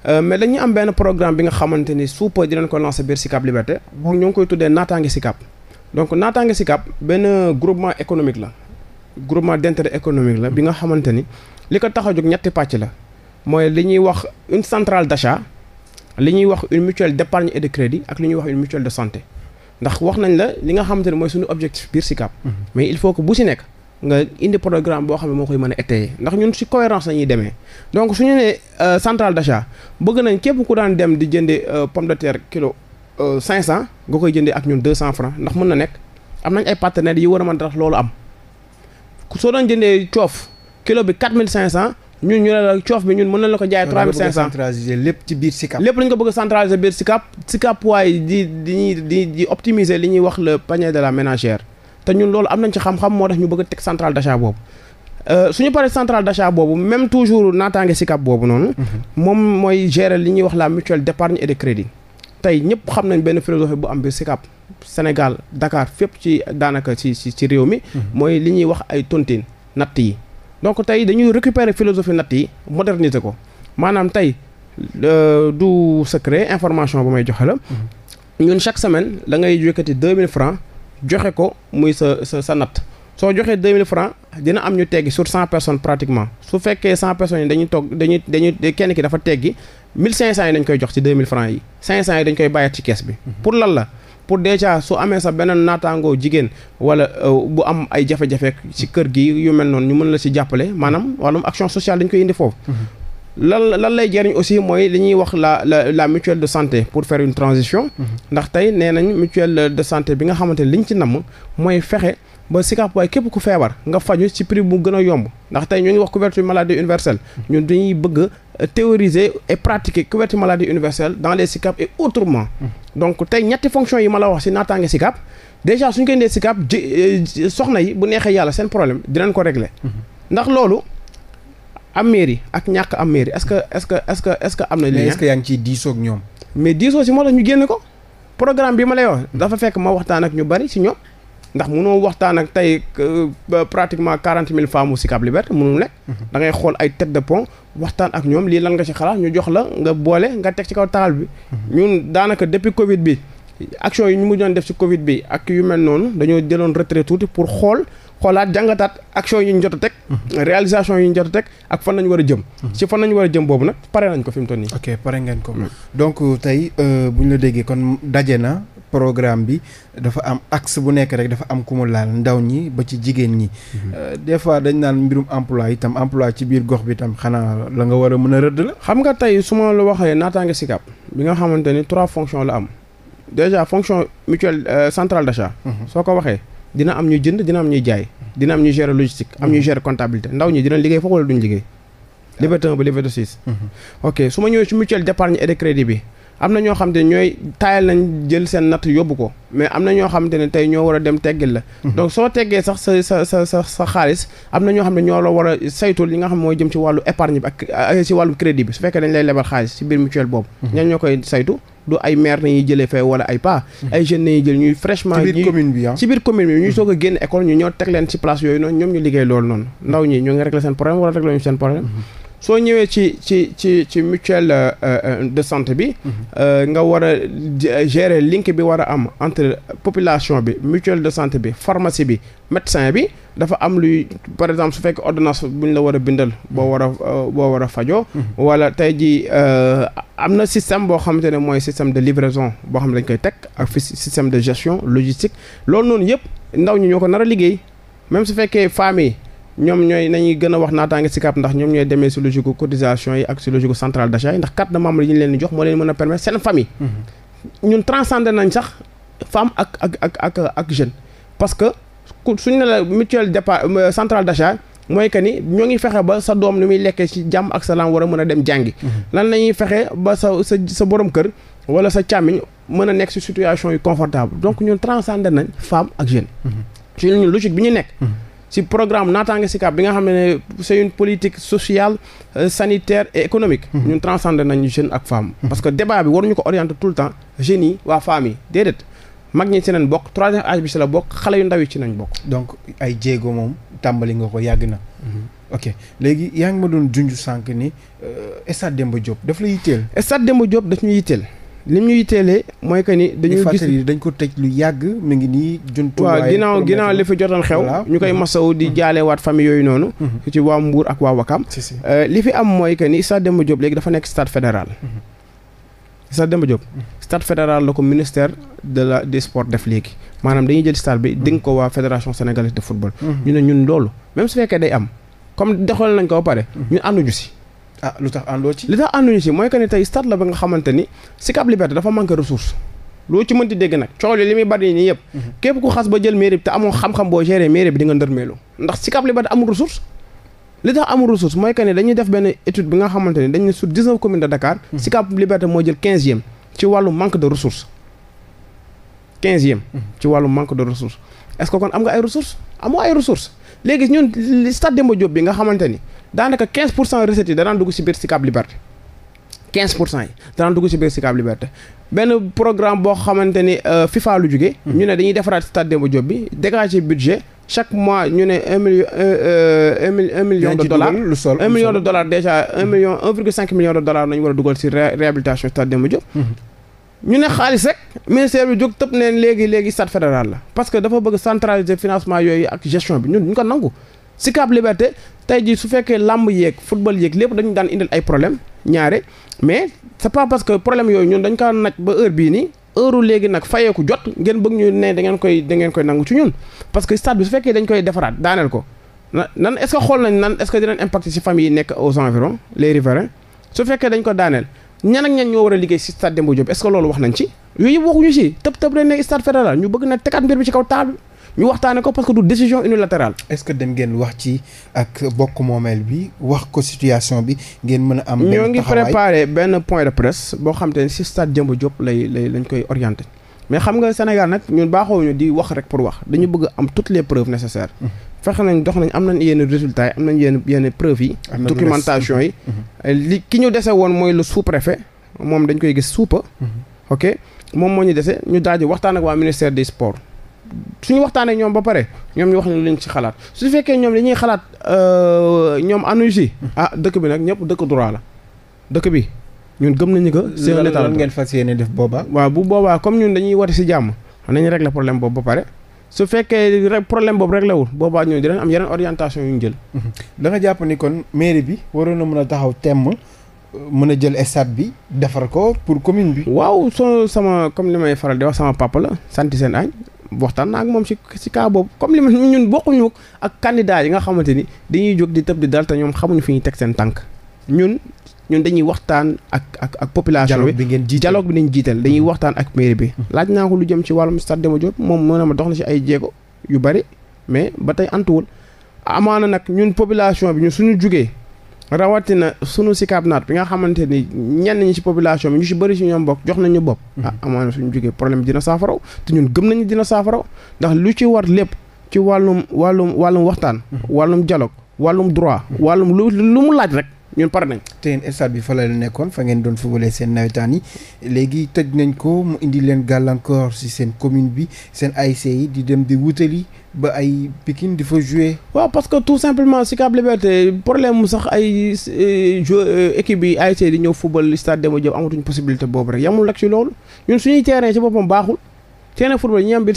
euh, mais dañuy am benn programme bi nga xamante ni sous peu dinañ ko lancer biir Sicap ngi koy tuddee naataange Sicap donc naataange Sicap benn groupement économique la groupement d'intérêt économique la bi nga xamante ni li ko tax a jóg ñetti pàcc la mooy li ñuy wax une centrale d'achat li ñuy wax une mutuelle d'épargne et de crédit ak li ñuy wax une mutuelle de santé ndax wax nañ la li nga xamante ne mooy suñu objectif biir Sicap mhm. mais il faut que bu si nekk nga indi programme boo xam ne moo koy mën a étayer ndax ñun si cohérence la ñuy demee donc suñu nee euh, centrale d'achat bëgg nañ képp ku daan dem di jënde euh, pomme de terre kilo Euh, cinq cent nga koy jëndee ak ñun deux cent franc ndax mën na nekk am nañ ay partenaires yi war a mën tax loolu am soo doon jëndee coof kilo bi quatre mille cinq cent ñun ñu ne la coof bi ñun mën nañ la ko jaayee trois mille cinq cent centraliser lépp ci biir Sicap lépp lañ ko bëgg a centraliser biir Sicap Sicap waaye di di di li ñuy wax le panier de la ménagère te ñun loolu am nañ ci xam-xam moo tax ñu bëgg a teg centrale d'achat boobu euh, suñu paree centrale d'achat boobu même toujours naataange Sicap boobu noonu mhm. moom mooy gérer li ñuy wax la mutuelle d'épargne et de crédit tey ñëpp xam nañ benn philosophie bu am biir Sicap Sénégal dakaar fépp ci daanaka ci ci ci réew mi. Mhm. mooy li ñuy wax ay tontine natt yi. donc tey dañuy récupérer philosophie natt yi moderniser ko maanaam tey du secret information bu may joxe la. Mhm. ñun chaque semaine da ngay yëkkati 2000 francs joxe ko muy sa sa sa natt. soo joxee 2000 francs dina am ñu teggi sur 100 personnes pratiquement su fekkee 100 yi dañuy toog dañuy dañuy kenn ki dafa teggi 1500 yi nañ koy jox ci 2000 francs yi 500 yi dañ koy bàyyaat ci kees bi. Mhm. pour lan la pour déjà su amee sa beneen naataangoo jigéen wala euh, bu am ay jafe-jafe ci kër gi yu mel noonu ñu mën la ci jàppale maanaam mhm. wàllum action sociale dañ koy indi foofu. Mhm. lan lan lay jëriñ aussi mooy li ñuy wax la la la mutuelle de santé pour faire une transition. ndax tey nee nañ mutuelle de santé bi nga xamante ne liñ ci namm mooy fexe ba Sicap waaye képp ku feebar nga faju ci prix bu gën a yomb ndax tey ñu ngi wax couverture maladie universelle. ñun dañuy bëgg théoriser et pratiquer couverture maladie universelle dans les SICAP et autrement donc tey ñetti fonction yi ma la wax si naataange SICAP déjà suñ koy nee SICAP ji euh, soxna yi bu neexee yàlla seen problème dinañ ko régler ndax loolu am mairie ak ñàkk am mairie est-ce que est-ce que est-ce que est-ce est-ce que yaa ngi ciy diisoo ñoom mais diisoo si moo tax ñu génn ko programme bi ma lay wax dafa fekk ma waxtaan ak ñu bari si ñoom ndax munoo waxtaan ak tey euh, pratiquement quarante mille femmes mu Sicap Liberté munul nekk. Mhm. da xool ay tête de pont waxtaan ak ñoom lii lan nga ci xalaat ñu jox la nga boole nga teg ci kaw taal bi. Mhm. ñun daanaka depuis Covid bi action yi ñu mu mujjoon def ci Covid bi ak yu mel noonu dañoo jëloon retrait tuuti pour xool. xoolaat jàngataat action yi ñu jot a teg mhm. réalisation yi ñu jot a teg ak fan nañu war a jëm ci fan nañu war jëm boobu nag pare nañ ko fi mu toll nii ok pare ngeen ko donc euh, tey euh, bu ñu la déggee kon daje na programme bi dafa am axe bu nekk rek dafa am ku mu laal ndaw ñi ba ci jigéen ñi. Mhm. Euh, des fois dañ naan mbirum emploi itam emploi ci biir gox bi itam xanaa la nga war a mën a rëdd la. xam nga tey su ma la waxee naataange SICAP bi nga xamante ni trois fonctions la am déjà fonction mutuelle euh, centrale d'achat. Mhm. soo ko waxee dina am ñuy jënd dina am ñuy jaay. dina am ñuy gérer logistique am ñuy mhm. gérer comptabilité ndaw ñi dina liggéey foofu wala duñ liggéey. Ah. liberté 1 ba su ma ñëwee ci mutuelle d'épargne crédit bi. am na ñoo xam te ñooy taayal nañ jël seen natt yóbbu ko mais am na ñoo xam te ne tey ñoo war a dem teggil la mhm. donc soo teggee sax sa sa sa sa sa xaalis am na ñoo xam ne ñoo war a saytul li nga xam mooy jëm ci wàllu épargne bi ak ci wàllu crédit bi su fekkee dañ lay lebal xaalis ci biir mutuel boobu mhm. ñan ñoo koy saytu du ay maire nañuy jëlee fee wala ay pas mhm. ay jeunes nañuy jël ñuy fraîchement ci biir commune bi ah. a génn école ñu ñoo teg leen ci place yooyu noonu ñoo soo ñëwee ci ci ci ci mutuelle euh, euh, de santé bi. Mhm. Euh, nga war a gérer link bi war a am entre population bi mutuel de santé bi pharmacie bi médecin bi dafa am luy par exemple su fekkee ordonnance bu ñu la war a bindal boo war a boo war a fajoo. Mhm. wala tey jii am na système boo xamante ne mooy système de livraison boo xam ne dañ koy teg ak fi système de gestion logistique loolu noonu yëpp ndaw ñi ñoo ko nar a liggéey même su fekkee famille ñoom ñooy nañuy gën a wax naataange SICAP ndax ñoom ñooy demee si logique gu cotisation yi ak si logique gu centrale d'achat yi ndax carte de membre yi ñu leen di jox moo leen mën a permettre seen famille. Mhm. ñun transcender nañ sax femme ak ak ak ak ak jeune. parce que suñu ne la mutuelle départ euh, centrale d'achat mooy que ni ñoo ngi fexe ba sa doom li muy lekkee ci jàmm ak sa salaam war a mën a dem jàngi. Mhm. lan la ñuy fexe ba sa sa sa borom kër wala sa càmmiñ mën a nekk si situation yi confortable donc ñun transcender nañ femme ak jeune. Mhm. ci bi ñu nekk. ci programme naataange Sicap bi nga xam ne c'est une politique sociale euh, sanitaire et économique mhm. ñun transcender nañu jeune ak femme mhm. parce que débat bi waruñu ko orienter tout le temps jeunes yi waa femmes yi déedéet mag ñi ci nañ bokk troisième âge bi ci la bokk xale yu ndaw yi ci nañ bokk donc ay jéego moom tàmbali nga ko yàgg na mhm. ok léegi yaa ngi ma doon junj sànq ni euh, stade Demba Diop daf la yitteel stade Demba Diop daf ñu yitteel li ñu yitteelee mooy que ni. dañuy gis dañ ko tëj lu yàgg mu ngi nii. juntu waaw ginnaaw ginnaaw li fi jotoon xew. ñu koy mm-hmm. masawu di mm-hmm. jaalewaat fami yooyu noonu. Mm-hmm. ci waa Mbour ak waa Wakam. Euh, li fi am mooy que ni stade Demba Diop léegi dafa nekk stade fédéral. stade Demba Diop. stade fédéral la ko ministère de la des sports def léegi maanaam dañuy jël stade bi dénk ko waa fédération sénégalaise de football. ñu ne ñun loolu même su fekkee day am comme doxal nañ ko ba pare. ñu ànduñu ah lu tax àndoo ci. li tax ànduñu ci mooy que ni tey stade la ba nga xamante ni Sicap Liberté dafa manqué ressource loo ci mënti dégg nag coow li li muy bari nii yëpp. Mhm. képp ku xas ba jël mairie bi te amoo xam-xam boo gérer mairie bi di nga ndërmeelu ndax Sicap Liberté amul ressource. li tax amul ressource mooy que ne dañuy def benn étude bi nga xamante ne dañu sur 19 communes de Dakar. Mhm. Sicap Liberté moo jël 15e ci wàllu manque de ressource. 15 mhm. ci wàllu manque de ressource est-ce que kon am nga ay ressources amoo ay ressources léegi ñun stade Demba Diop bi nga xamante ni daanaka quinze pour cent recettes yi danaan dugg si biir Sicap Liberté 15 pour cent yi danaan dugg si biir Sicap Liberté benn programme boo xamante ni euh, FIFA lu jóge hmm. ñu ne dañuy defaraat stade Demba Diop bi dégager budget chaque mois ñu ne un million euh, euh, un million de dollars un million de dollars déjà un million un virgule cinq de dollars nañu war a dugal si réhabilitation stade Demba hmm. ñu ne xaalis rek ministère bi jóg tëb neen léegi léegi stade fédéral la parce que dafa bëgg centraliser financement yooyu ak gestion bi ñun ñu ko nangu Sicap Liberté tey jii su fekkee làmb yeeg football yeeg lépp dañu daan indil ay problème ñaare mais c'est pas parce que problème yooyu ñun dañ kaa naj ba heure bii nii heure léegi nag fayeeku jot ngeen bëgg ñu ne da ngeen koy da ngeen koy nangu ci ñun parce que stade bi su fekkee dañ koy defaraat daaneel ko nan est xool nañ nan est-ce que ci famille yi nekk aux environs les riverains su fekkee dañ ko daaneel ñan ak ñan ñoo war a liggéey ci stade Demba Diop est na tegaat mbir bi ci ñu waxtaane ko parce que du décision unilatérale est-ce que dem ngeen wax ci ak bokk moomeel bi wax ko situation bi ngeen mën a am ñoo ngi préparé benn point de presse boo xam ne si stade Demba Diop lay koy orienté mais xam nga Sénégal nag ñun baaxoowuñu di wax rek pour wax dañu bëgg am toutes les preuves nécessaires fexe nañ dox nañ am nañ yenn résultats am nañ yenn yenn preuves yi documentation yi li ki ñu dese woon mooy le sous-préfet moom dañ koy gis suupa ok moom moo ñu dese ñu daaj waxtaan ak waa ministère des sports suñu waxtaanee ñoom ba pare ñoom ñu wax ñu leen ci xalaat su fekkee ñoom li ñuy xalaat euh, ñoom anuñ si ah dëkk bi nag ñëpp dëkk droit la dëkk bi ñun gëm nañu que c'est un état lan ngeen fas yéene def booba waaw bu boobaa comme ñun dañuy woote si jàmm nañu régler problème boobu ba pare su fekkee problème boobu réglé wul boobaa ñun dinañ am yeneen orientation yu ñu jël da nga jàpp ni kon mairie bi waroon na mën a taxaw temm mën a jël stade bi defar ko pour commune bi waaw soo sama comme li may faral di wax sama papa la sant seen añ waxtaan naa ak moom si si cas boobu comme li ma ñun bokkuñu ak candidat yi nga xamante ni dañuy jóg di tëb di dal te ñoom xamuñu fi ñu teg seen tànk ñun ñun dañuy waxtaan ak ak ak population bi dialogue bi nañ jiital dañuy mm-hmm. waxtaan ak mairie bi mm-hmm. laaj naa ko lu jëm ci wàllum stade ma jot moom mën na ma dox na si ay jéego yu bari mais ba tey antuwul na nag ñun population bi ñu suñu jugee rawatina sunu Sicap naat bi nga xamante ni ñenn ñi ci population bi ñu ci bari ci ñoom bokk jox nañu bopp. Mm-hmm. ah amaana suñu jógee problème dina saafara te ñun gëm nañu dina saafara ndax lu ci war lépp ci wàllum wàllum wàllum waxtaan. Mm-hmm. wàllum dialogue wàllum droit. wàllum lu lu mu laaj rek. ñun pare nañ. te yéen stade bi fa la nekkoon fa ngeen doon fubalee seen nawetaan yi léegi tëj nañ ko mu indi leen gàllankoor si seen commune bi seen ASC yi di dem di wutali ba ay Pikine di fa jouer. waaw parce que tout simplement Sicap Liberté problème mu sax ay eh, jou eh, équipe yi ASC di ñëw fubal stade amatuñ possibilité boobu rek yamul rek si loolu ñun suñuy terrain ci boppam baaxul. terrain football ñi am biir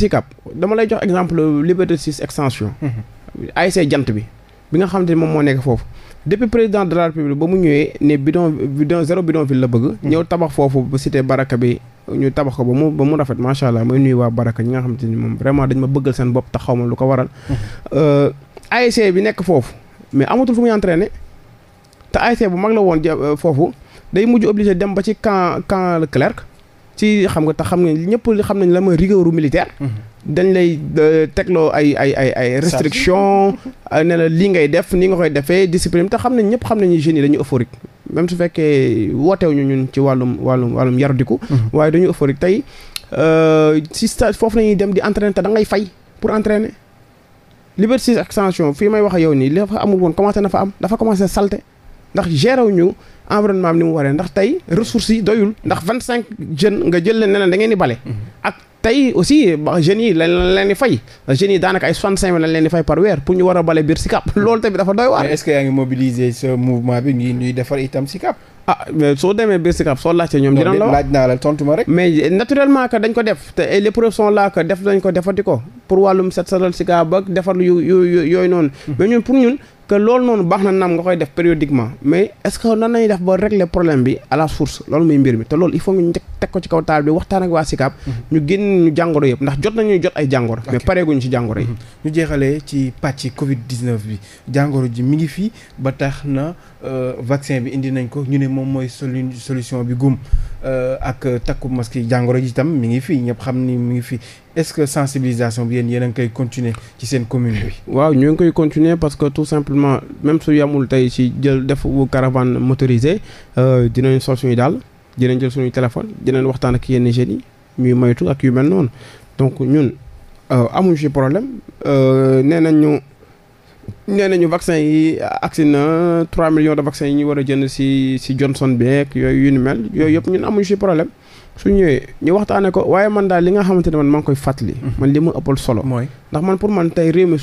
dama lay jox exemple Liberté 6 extension. Mhm. ASC jant bi bi nga xam ne moom moo nekk foofu. depuis président de la république ba mu ñëwee ne bidon bidon zéro bidonville la bëgg. Hmm. ñëw tabax foofu ba cité baraka bi ñu tabax ko ba mu ba mu rafet macha allah mooy nuyu waa baraka ñi nga xamante ni moom vraiment dañ ma bëggal seen bopp taxaw ma lu ko waral. Hmm. Euh, ASC bi nekk foofu mais amatul fu muy entraîné te ASC bu mag la woon euh, foofu day mujj obligé dem ba ci camp camp Leclerc ci xam nga te xam nga ñëpp xam nañ la mooy rigueur militaire. Hmm. dañ lay euh, tegloo ay ay ay ay restriction euh, ne la lii ngay def nii nga koy defee discipline te xam nañ ñëpp xam nañu jeunes yi dañu euphorique même su fekkee wooteew ñun ci wàllum wàllum wàllum yardiku mhm. waaye dañu euphorique tey euh, si stade foofu nañuy dem di entraîner te da ngay fay pour entraîner Liberté 6 extension fii may wax yow nii li fa amul woon commencé na fa am dafa commencé salté ndax gerewuñu wu ñu bi ni mu waree ndax tey ressources yi doyul ndax vingt cinq jeunes nga jël leen ne da ngeen di bale mhm. ak tey aussi jeunes yi lañ leen di fay jeunes yi daanaka ay soixante cinq mille lañ leen di fay par weer pour ñu war a bale biir Sicap loolu tamit dafa doy waar. mais est-ce que yaa ngi mobiliser ce mouvement bi ñuy ñuy defar itam Sicap. ah soo demee biir Sicap soo laajtee ñoom. dinañ la wax laaj naa la tontu ma rek. mais naturellement que dañ ko def te les preuves sont là que def nañ ko defati ko pour wàllum set salal Sicap ba defar yu yu yooyu noonu. Hmm. mais ñun pour ñun. que loolu noonu baax na naam nga koy def périodiquement mais est ce que nan nañuy def ba régler problème bi à la source loolu muy mbir mi te loolu il faut ñu teg ko ci kaw taal bi waxtaan ak waa SICAP mhm. ñu génn ñu jàngoro yëpp ndax jot nañuy jot ay jàngoro mais pareeguñu ci jàngoro yi mhm. ñu jeexalee ci pàcc covid 19 bi jàngoro ji mi ngi fii ba tax na Euh, vaccin bi indi nañ ko ñu ne moom mooy solu solution bi gum euh, ak euh, takku masque yi jàngoro ji tam mi ngi fi ñëpp xam ni mi ngi fi est-ce que sensibilisation bi yéen yéen a ngi koy continuer ci seen commune bi. waaw ñu ngi koy continuer parce que tout simplement même su yamul tey si jël def caravane motorisée dinañ sol suñu daal dinañ jël suñu téléphone dinañ waxtaan ak yenn jeunes yi ñuy moytu ak yu mel noonu donc ñun amuñu ci problème nee nañ ñu. nee nañu vaccin yi agsi na 3 millions de vaccins yi ñu war a jënd si si Johnson beeg yooyu yu ni mel yooyu yëpp ñun amuñu si problème su ñëwee ñu waxtaanee ko waaye man daal li nga xamante ne man maa ngi koy fàttali. Mhm. man li ma ëppal solo. mooy ndax man pour man tey réew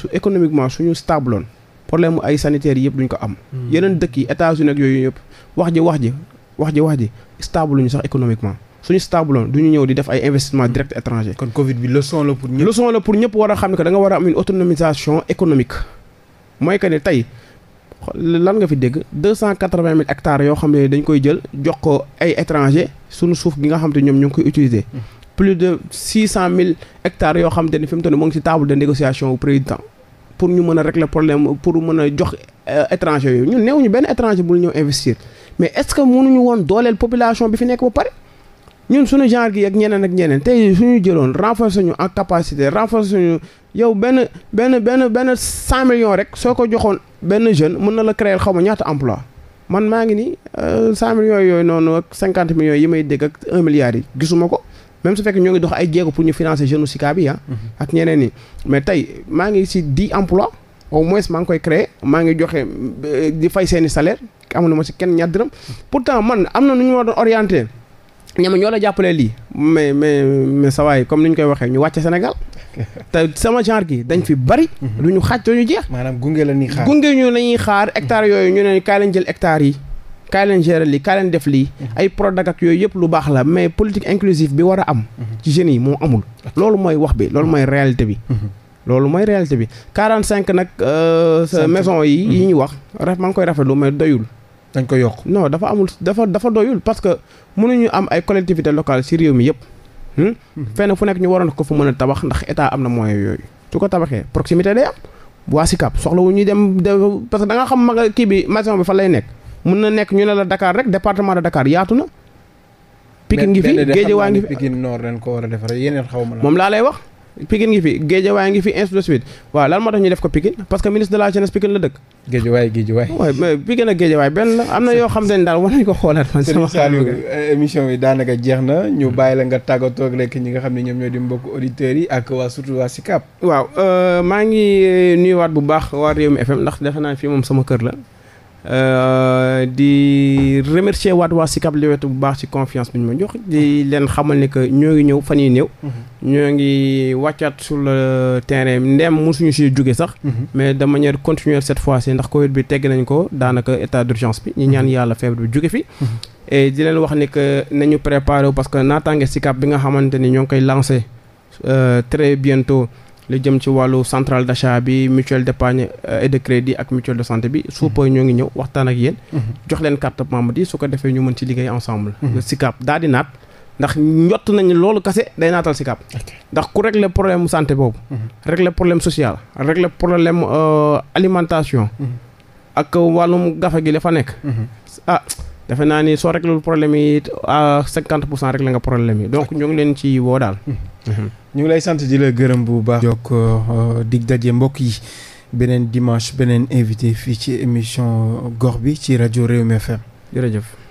suñu stable woon problème ay sanitaire yëpp duñ ko am. Mhm. yeneen dëkk yi états une ak yooyu yëpp wax ji wax ji wax ji wax ji stable ñu sax économiquement. suñu stabloon du ñu ñëw di def ay investissement direct étranger. kon Covid bi leçon la pour ñëpp. leçon war a xam ne que da war a am une autonomisation économique. mooy que ne tey lan nga fi dégg deux cent quatre-vingt mille ectare yoo xam ne dañ koy jël jox ko ay étranger suñu suuf gi nga xam te ñoom ñu ngi koy utiliser. plus de six cent mille hectares yoo xam te ne fi mu toll moo ngi ci table de négociation au président pour ñu mën a régler problème pour mën a jox euh, étranger yooyu ñun néewuñu benn étranger bu ñëw investir mais est que mënuñu woon dooleel population bi fi nekk ba pare. ñun suñu genre gi ak ñeneen ak ñeneen tey suñu jëloon renforcer suñu en capacité renforcer ñu yow benn benn benn benn cent millions rek soo ko joxoon benn jeune mën na la créer xaw ma ñaxta emploi man maa ngi ni euh, cent millions yooyu noonu cinquante millions yi may dégg ak un milliard yi gisuma ko même su fekkee ñoo ngi dox ay jéego pour ñu financer jeune Sika bi ah. Mhm. ak ñeneen ñi mais tey maa ngi si di emploi au moins maa ngi koy créer maa ngi joxe euh, di fay seeni salaire amoon na ma si kenn ñaar pour pourtant man am na nu ñu ma doon ñoom ñoo la jàppalee lii mais mais mais sa comme ni ñu koy waxee ñu wàcce Sénégal te sama genre gi dañ fi bari. du mhm. ñu xaaj ñu jeex. maanaam gunge la ñuy xaar gunge ñu ñuy xaar hectares yooyu ñu ne kaay jël hectares yi. kaay leen gérer lii kaay def lii. Mhm. ay Prodac ak yooyu yëpp lu baax la mais politique inclusive bi war a am. Mhm. ci jeunes yi moo amul. loolu mooy wax bi loolu mooy réalité bi. loolu mooy réalité bi 45 nag. Euh, sa maison yi yi ñuy wax raf maa ngi koy rafetlu mais doyul. dañ ko yokk non dafa amul dafa dafa doyul parce que mënuñu am ay collectivité locale ci réew mi yëpp hmm? mm-hmm. fenn fu nekk ñu waroon ko fa mën a tabax ndax état am na moyen yooyu su ko tabaxee proximité day am waa Sicap soxla wu ñuy dem parce que da xam maga kii bi maison bi fa lay nekk mën na nekk ñu ne la dakaar rek département de Dakar yaatu na Pikine ngi fi Guédiawaye ngi fi Pikine Nord dañ ko war a defar yeneen xaw ma moom laa lay wax Pikine ngi fi Géejawaay ngi fi ainsi de suite waaw lan moo tax ñu def ko Pikine parce que ministre de la jeunesse Pikine la dëkk Géejawaay Géejawaay waaw mais Pikine ak Géejawaay benn am na yoo xam ne daal war nañ ko xoolaat man sama Saliou euh, émission bi daanaka jeex na ñu bàyyi la nga tàggatoo rek ñi nga xam ne ñoom ñoo di mbokk auditeurs yi ak waa surtout waa SICAP waaw euh, maa ngi euh, nuyuwaat bu baax waa Rewmi FM ndax defe naa fii moom sama kër la Euh, di remercier waat waa Sicap Liberté bu baax ci confiance bi ñu ma jox di leen xamal ne que ñoo ngi ñëw fan yii néew. Mhm. ñoo ngi wàccaat sur le terrain ndem mosuñu si jóge sax. Mhm. mais de manière continuelle cette fois si ndax Covid bi tegg nañ ko daanaka état d'urgence bi. ñu ñaan mhm. yàlla feebar bi jóge fi. di leen wax ne que nañu préparé parce que naataange Sicap bi nga xamante ni ñoo ngi koy lancé euh, très bientôt. li jëm ci wàllu centrale d'achat bi mutuel d'épargne euh, et de crédit ak mutuelle de santé bi suupa mhm. ñoo ngi ñëw waxtaan ak yéen mhm. jox leen carte membre yi su ko defee ñu mën ci liggéey ensemble mhm. SICAP daal di naat ndax njott nañu loolu kase day naatal SICAP ndax ku régler problème santé boobu régler problème social régler problème euh, alimentation ak wàllum gafe gi la nekk ah defe naa ni soo réglé problème yi à ah, cinquante pour cent réglé nga problème yi donc ñoo ngi leen ci woo daal ñu ngi lay sant di la gërëm bu baax. jokk euh, dig daje mbokk yi beneen dimanche beneen invité fii ci émission gox bi ci rajo Rewmi FM jërëjëf.